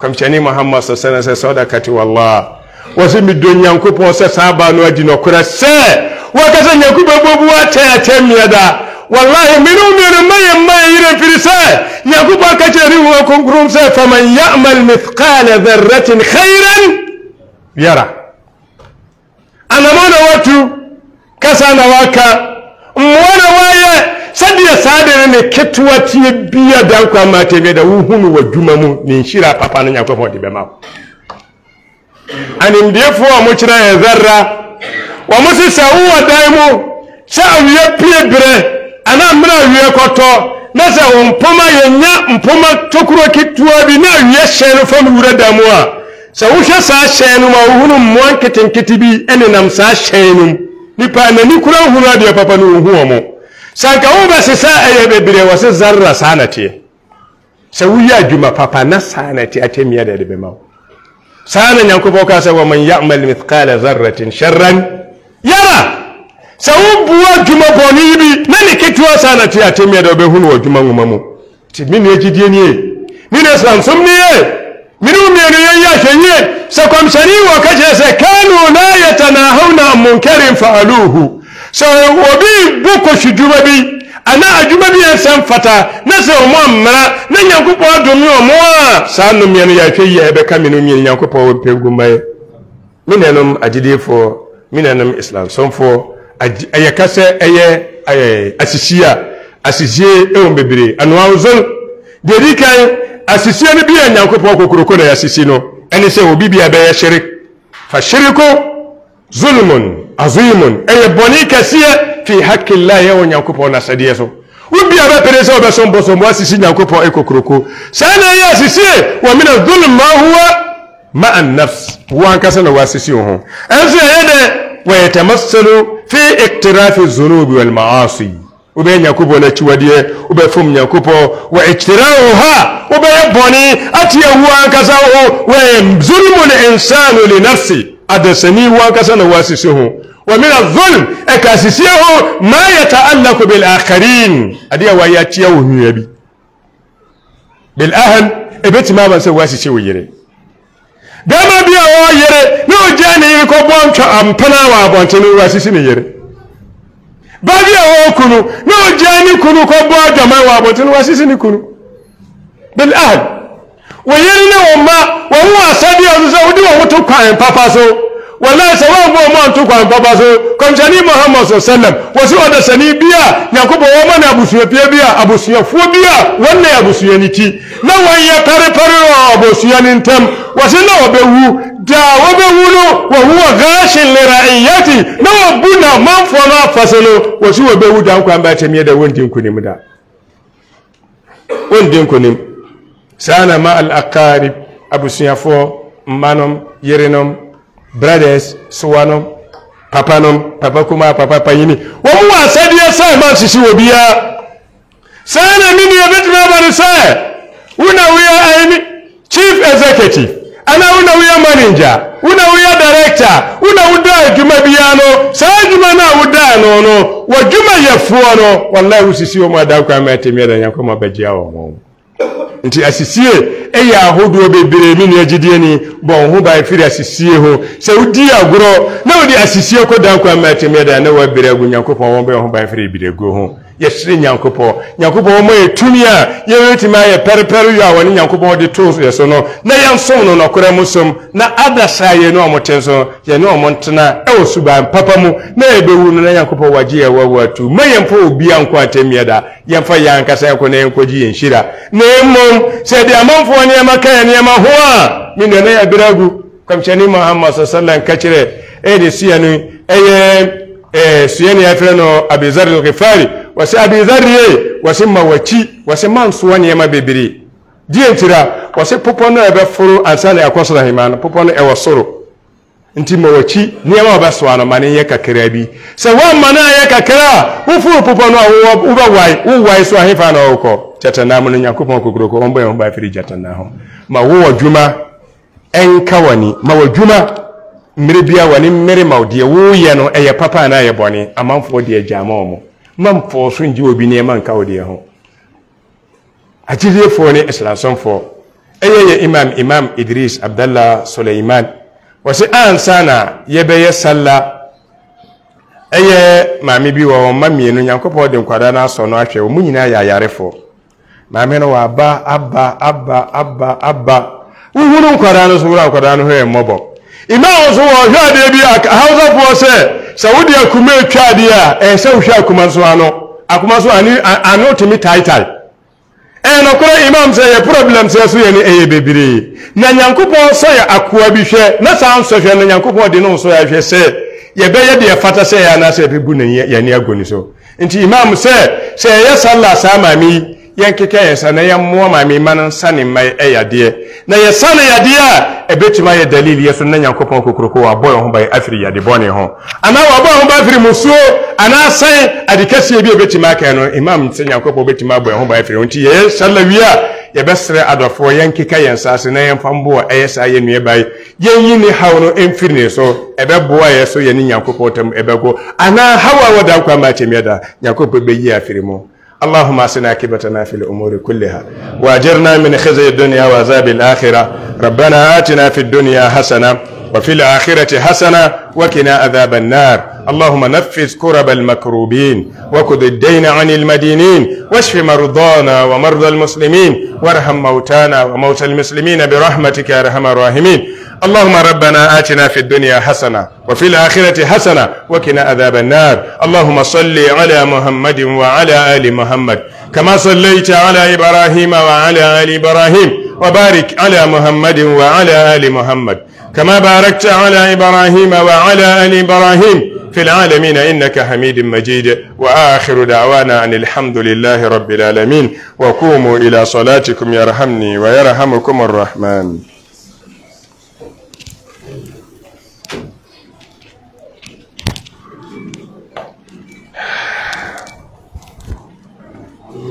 kɔmhyɛne mohamad sɛ sɛne sɛ sadakati wallah wɔ sɛ medɔ nyankopɔn sɛ saa baa no adi nɔkorɛ sɛ wɔka sɛ nyankopɔn bɛbu atɛn atɛn mmiɛ da wallahi mene wo mmienu ma yɛ mma yɛyerɛ mfiri sɛ nyankopɔn ka kyerɛ ne wɔ konkrom sɛ faman yamal mithkala dharratin khairan yara anamona watu kasa na waka mwana waye sadiya sada ne ketu tie biya dan kwa matebe da wuhunu wa jumamu mu ne shira papa na nyakwa fodi be ma anim defo wa mu kira ya zarra wa musi sawuwa daimu sa awiye pie ana mna awiye koto na sa mpoma yenya mpoma tokuro kituwa bi na awiye shenu fam wura sɛ wohwɛ saa hyɛn no ma wohunu mmoa nketenkete bi nenam saa hyɛn no mu nipa n'ani kura ohunu adeɛ papa no ohu ɔmo sanka wobɛsesa ɛyɛ bebree wɔ se zarra saa na teɛ sɛ woyɛ adwuma papa na saa na te atɛmmia deɛ de bɛma wo saa na nyankopɔn ka sɛ waman yamal mithqala zarratin sharran yara sɛ wobua adwuma bɔne yi bi na ne ketewa saa na te atɛmmia deɛ wobɛhu no wɔ adwuma nwoma mu nti me nua gyidie nie me nua sransom nie minhum min yashayin sakwamsani wa kace sai kanu la yatanahawna an munkarin fa'aluhu so obi buko shujuma bi ana ajuma bi san fata na se o mo mra na yankupo adomi o mo a sanu mi no ya hwe ye be ka minhum min yankupo wo pe gumaye minanum agidefo minanum islam somfo ayaka sɛ ɛyɛ asisi a asisie ɛwɔ bebree anoa ozon deɛ di kan asisie no bi a nyankopɔn kokuroko na asisi no ene sɛ obi bi a bɛyɛ shirik fa shiriku zulmun azimun ɛyɛ boni kasiye fi hakillahi ɛwɔ na nasɛdeɛ so wobi a bɛpere sɛ wobɛsom bɔsɔmbɔ asisi nyankopɔn ɛkokuroko saa na ɛyɛ asisi wa mina zulm ma huwa ma an nafs wo ankasa na asisi wo ho ɛnso ne dɛ wɔyɛtamasalu fi iktirafi zunubi wal ma'asi wobɛyɛ nyankopɔn no akyiwadeɛ wobɛfom nyankopɔn wa iktiraho ha wobɛyɛ bɔne ate awu ankasa ho wa zulmu linsanu linafsi adasani wo ankasa na woasisi ho wa min azulm ɛka ho ma yataallaku bilakharin adeɛ a wayɛ akyea wo hwia bi bilahan ɛbɛtumi aba sɛ woasisie wo yere dɛma bi a wɔyere ne ogyaa ne yere kɔbɔ ntwa ampena wɔ abɔnten no wasisi ne yere bari àwọn kunu náà jẹ́ ní kunu kọ bọ́ àjọmọ́wà àbọ̀tínúwà sísí ní kunu bil ahad wòye nínú wọn ma wọn wọ́n àsọ́dí ọdún sọ wọ́n dí wọ́n tó kọ àyìn pápá so wọ́n náà sọ wọ́n gbọ́ ọmọ tó kọ so kọ̀ǹtẹ́ni muhammad sallam wọ́n sì wọ́n dẹ̀sẹ̀ ní bíyà yankubo wọ́n mọ̀ ní abusua pie bíyà abusua fún bíyà wọ́n ní abusua ní ti náà wọ́n yẹ pẹ́rẹ́pẹ́rẹ́ ọ̀ abusua ní ntẹ́m wasila wabewu da wabewuno wahuwa gashin lira'iyati na wabuna man fona fasalo wasu wabewu da ku an bace miye da wundin ku ne da wundin ku ne sana ma al aqarib abu siyafo manom yerenom brothers suwanom papanom papa kuma papa payini wa mu wasa dia sai ma sisi wobiya sana mini ya betu na bari sai una wiya aini chief executive ana wona woyɛ manager wona woyɛ director wona wodaa adwuma biara no saa adwuma no a wodaa no no wadwuma yɛfoɔ no wallahi wosisi wɔ mu adan kwan ma atemi ada nyankopɔn abɛgyea wɔn ho nti asisie ɛyɛ ahodoɔ bebree mi nua gyidie ni bɔn ho ban firi asisie ho sɛ wodi agorɔ na wodi asisie kɔ dan kwan ma atemi ada na wabere agu nyankopɔn wɔn bɛyɛ ho ban firi ebire ho yɛhyere nyankopɔn nyankopɔn ma yɛ tumi a yɛbɛtumi ayɛ pɛrepɛre yɛ a wɔne nyankopɔn de too yɛ so no na yɛnsom no nɔkorɛ mu som na adasaa yɛ ne ɔmote so yɛne ɔmo ntena ɛwɔ suban papa mu na yɛbɛwu no na nyankopɔn wagye yɛ wawu atu ma yɛmfa obia nko atammiɛ da yɛmfa yɛ ankasa yɛkɔ na yɛnkɔgye yɛn hyira na mmom sɛ de amanfoɔ nneɛma ka yɛ nneɛma ho a me nua na yɛabrɛ agu kɔmhyɛne muhammad sa sallam ka kyerɛ ɛyɛ de sia no ɛyɛ e eh, siyeni ya filano abizari yoke fari wasi abizari ye wasi mawaci wasi man suwani ya mabibiri diye tira wasi popono ebe furu ansani na himana popono ewa soro nti mawaci niyama ba suwano mani ya kakira bi se wa mana ya kakira ufuru popono uba wai uwai suwa na uko jata namu ni nyakupo kukuroko ombo ya mba firi jata naho ma wuwa juma enkawani ma wa mmere bi a wɔne mmere ma deɛ woyɛ no ɛyɛ papa anaa ɛyɛ bɔne amanfoɔ deɛ gyaama wɔn mamfoɔ so ngye obi nneɛma nka wo deɛ ho agyiliefoɔ ne asirasɔmfoɔ ɛyɛ yɛ imam imam idris abdallah suleiman wɔsi ansa na yɛbɛyɛ salla ɛyɛ maame bi wɔ wɔn mma mmienu nyankopɔn de nkwadaa no asɔ no ahwɛ wɔn nyinaa yɛ ayarefoɔ maame no wɔ aba aba aba aba aba wuhuru nkwadaa no so wura nkwadaa no ho yɛ mmɔbɔ ima nso wɔ hwɛ adeɛ bi ahausafoɔ sɛ sɛ wode akuma atwa adeɛ a ɛyɛ e sɛ wohwɛ akuma so ano akuma so ani ano tumi taetae ɛyɛ nokorɛ imam sɛ yɛ problem sɛ so yɛ ne ɛyɛ bebree na nyankopɔn sɛ yɛ akoa bi hwɛ na saa nsɔhwɛ no nyankopɔn de ne wo so yɛahwɛ sɛ yɛbɛyɛ deɛ fata sɛ yɛ anaasɛ yɛbɛbu ne yɛne agoni so nti imam sɛ sɛ ɛyɛ sallah saa maame yi yɛnkeka yɛnsa na yɛmmoa maame ma no sane mma ɛyadeɛ na yɛsane yadeɛ a ɛbɛtumi ayɛ dalili yɛ so na nyankopɔn kokoroko wabɔ yɛn ho ba afiri yade bɔne ho anaa wabɔ yɛn ho ba afiri musuo anaa sɛn ade kɛseɛ bi a ɛbɛtumi aka no imam sɛ nyankopɔn bɛtumi abɔ yɛn ho ba afiri ho nti yɛyɛ sala wie a yɛbɛsrɛ adɔfoɔ yɛnkeka yɛn sa ase na yɛmfa mboa ɛyɛ saa yɛ nnua bae yɛnyi ne haw no ɛmfiri ne so ɛbɛboa yɛ so yɛne nyankopɔn tam ɛbɛgo anaa haw a wɔda nkwa ma akyɛmiɛ da nyankopɔn bɛyi afiri mu اللهم أسنا كبتنا في الامور كلها واجرنا من خزي الدنيا وعذاب الاخره ربنا اتنا في الدنيا حسنه وفي الآخرة حسنة وكنا عذاب النار اللهم نفذ كرب المكروبين وكذ الدين عن المدينين واشف مرضانا ومرضى المسلمين وارحم موتانا وموتى المسلمين برحمتك يا أرحم الراحمين اللهم ربنا آتنا في الدنيا حسنة وفي الآخرة حسنة وكنا عذاب النار اللهم صل على محمد وعلى آل محمد كما صليت على إبراهيم وعلى آل إبراهيم وبارك على محمد وعلى آل محمد كما باركت على إبراهيم وعلى آل إبراهيم في العالمين إنك حميد مجيد وآخر دعوانا أن الحمد لله رب العالمين وقوموا إلى صلاتكم يرحمني ويرحمكم الرحمن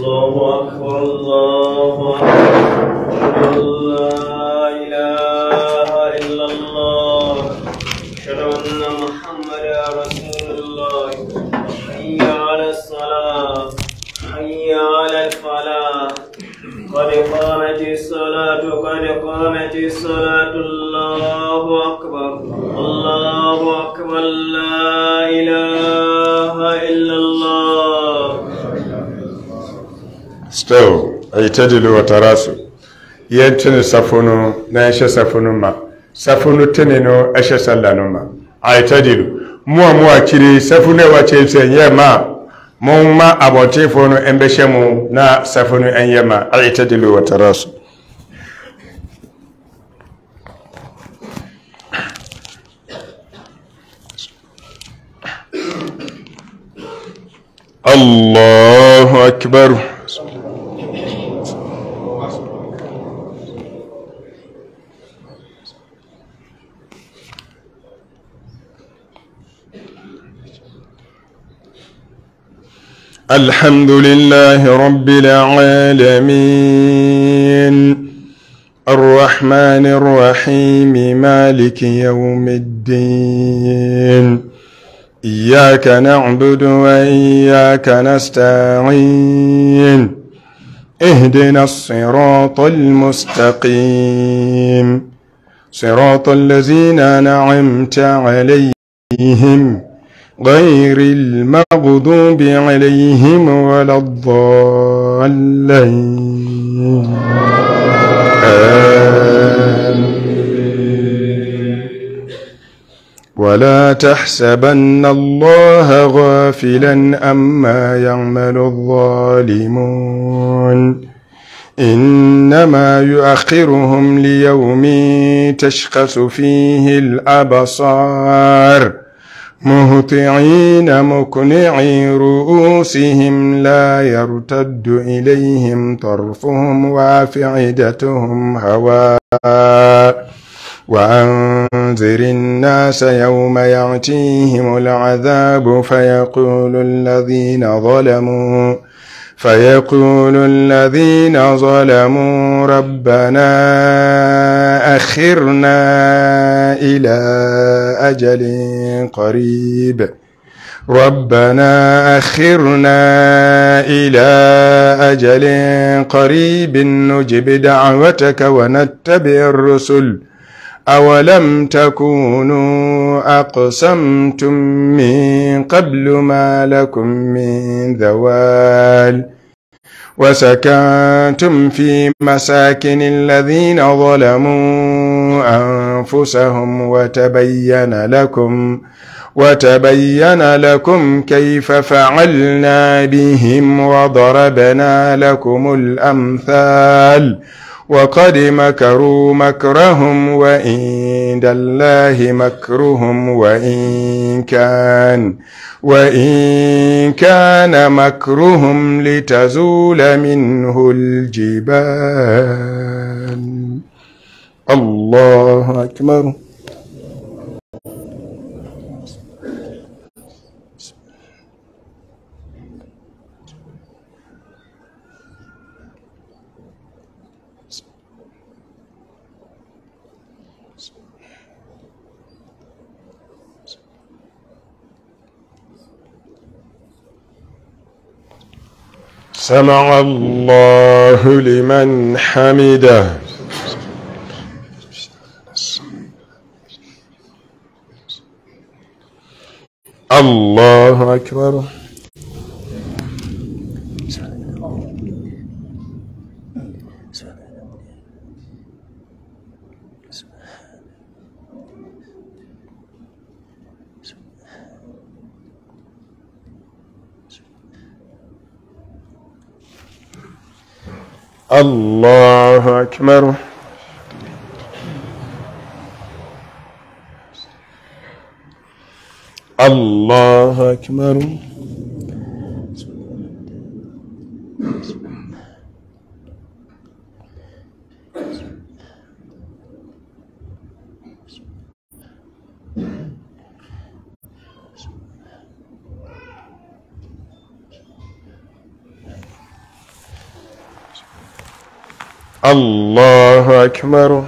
الله أكبر الله أكبر لا إله إلا الله أشهد أن محمدا رسول الله حي على الصلاة حي على الفلاح قد قامت الصلاة قد قامت الصلاة الله أكبر الله أكبر لا إله إلا الله stow aitadilu wa tarasu yen tini safunu na yashe safunu ma safunu tini no yashe sallanu ma aitadilu muwa muwa kiri safunu wa cece ye ma mun ma abote fonu en beshe mu na safunu en yi ma aitadilu wa tarasu الله أكبر الحمد لله رب العالمين الرحمن الرحيم مالك يوم الدين إياك نعبد وإياك نستعين اهدنا الصراط المستقيم صراط الذين نعمت عليهم غير المغضوب عليهم ولا الضالين ولا تحسبن الله غافلا أما يعمل الظالمون إنما يؤخرهم ليوم تشخص فيه الأبصار مهطعين مقنعي رؤوسهم لا يرتد إليهم طرفهم وافعدتهم هواء وأنذر الناس يوم يعتيهم العذاب فيقول الذين ظلموا فيقول الذين ظلموا ربنا أخرنا إلى أجل قريب ربنا أخرنا إلى أجل قريب نجب دعوتك ونتبع الرسل أولم تكونوا أقسمتم من قبل ما لكم من ذوال وسكنتم في مساكن الذين ظلموا أنفسهم وتبين لكم وتبين لكم كيف فعلنا بهم وضربنا لكم الأمثال وقد مكروا مكرهم وإن الله مكرهم وإن كان وإن كان مكرهم لتزول منه الجبال الله أكبر سمع الله لمن حمده الله أكبر الله أكبر الله أكبر الله أكبر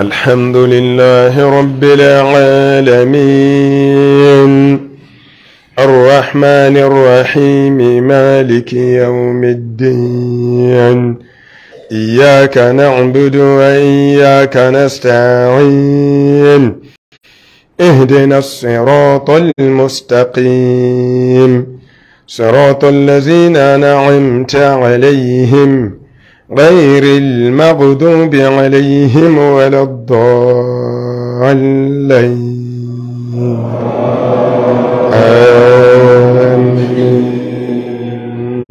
الحمد لله رب العالمين الرحمن الرحيم مالك يوم الدين إياك نعبد وإياك نستعين اهدنا الصراط المستقيم صراط الذين نعمت عليهم غير المغضوب عليهم ولا الضالين آمين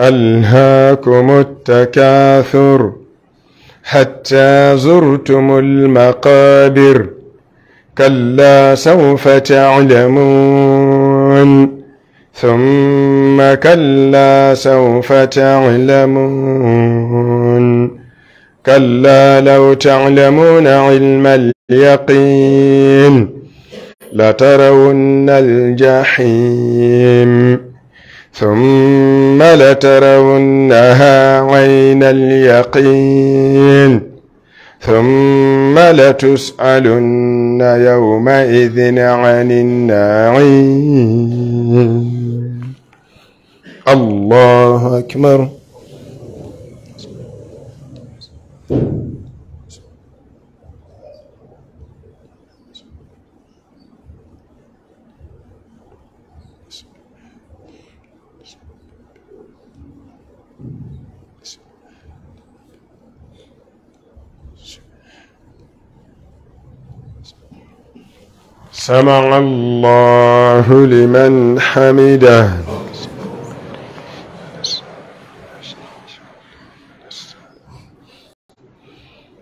ألهاكم التكاثر حتى زرتم المقابر كلا سوف تعلمون ثم كلا سوف تعلمون كلا لو تعلمون علم اليقين لترون الجحيم ثم لترونها عين اليقين ثم لتسألن يومئذ عن النعيم الله أكبر سمع الله لمن حمده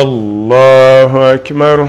الله أكبر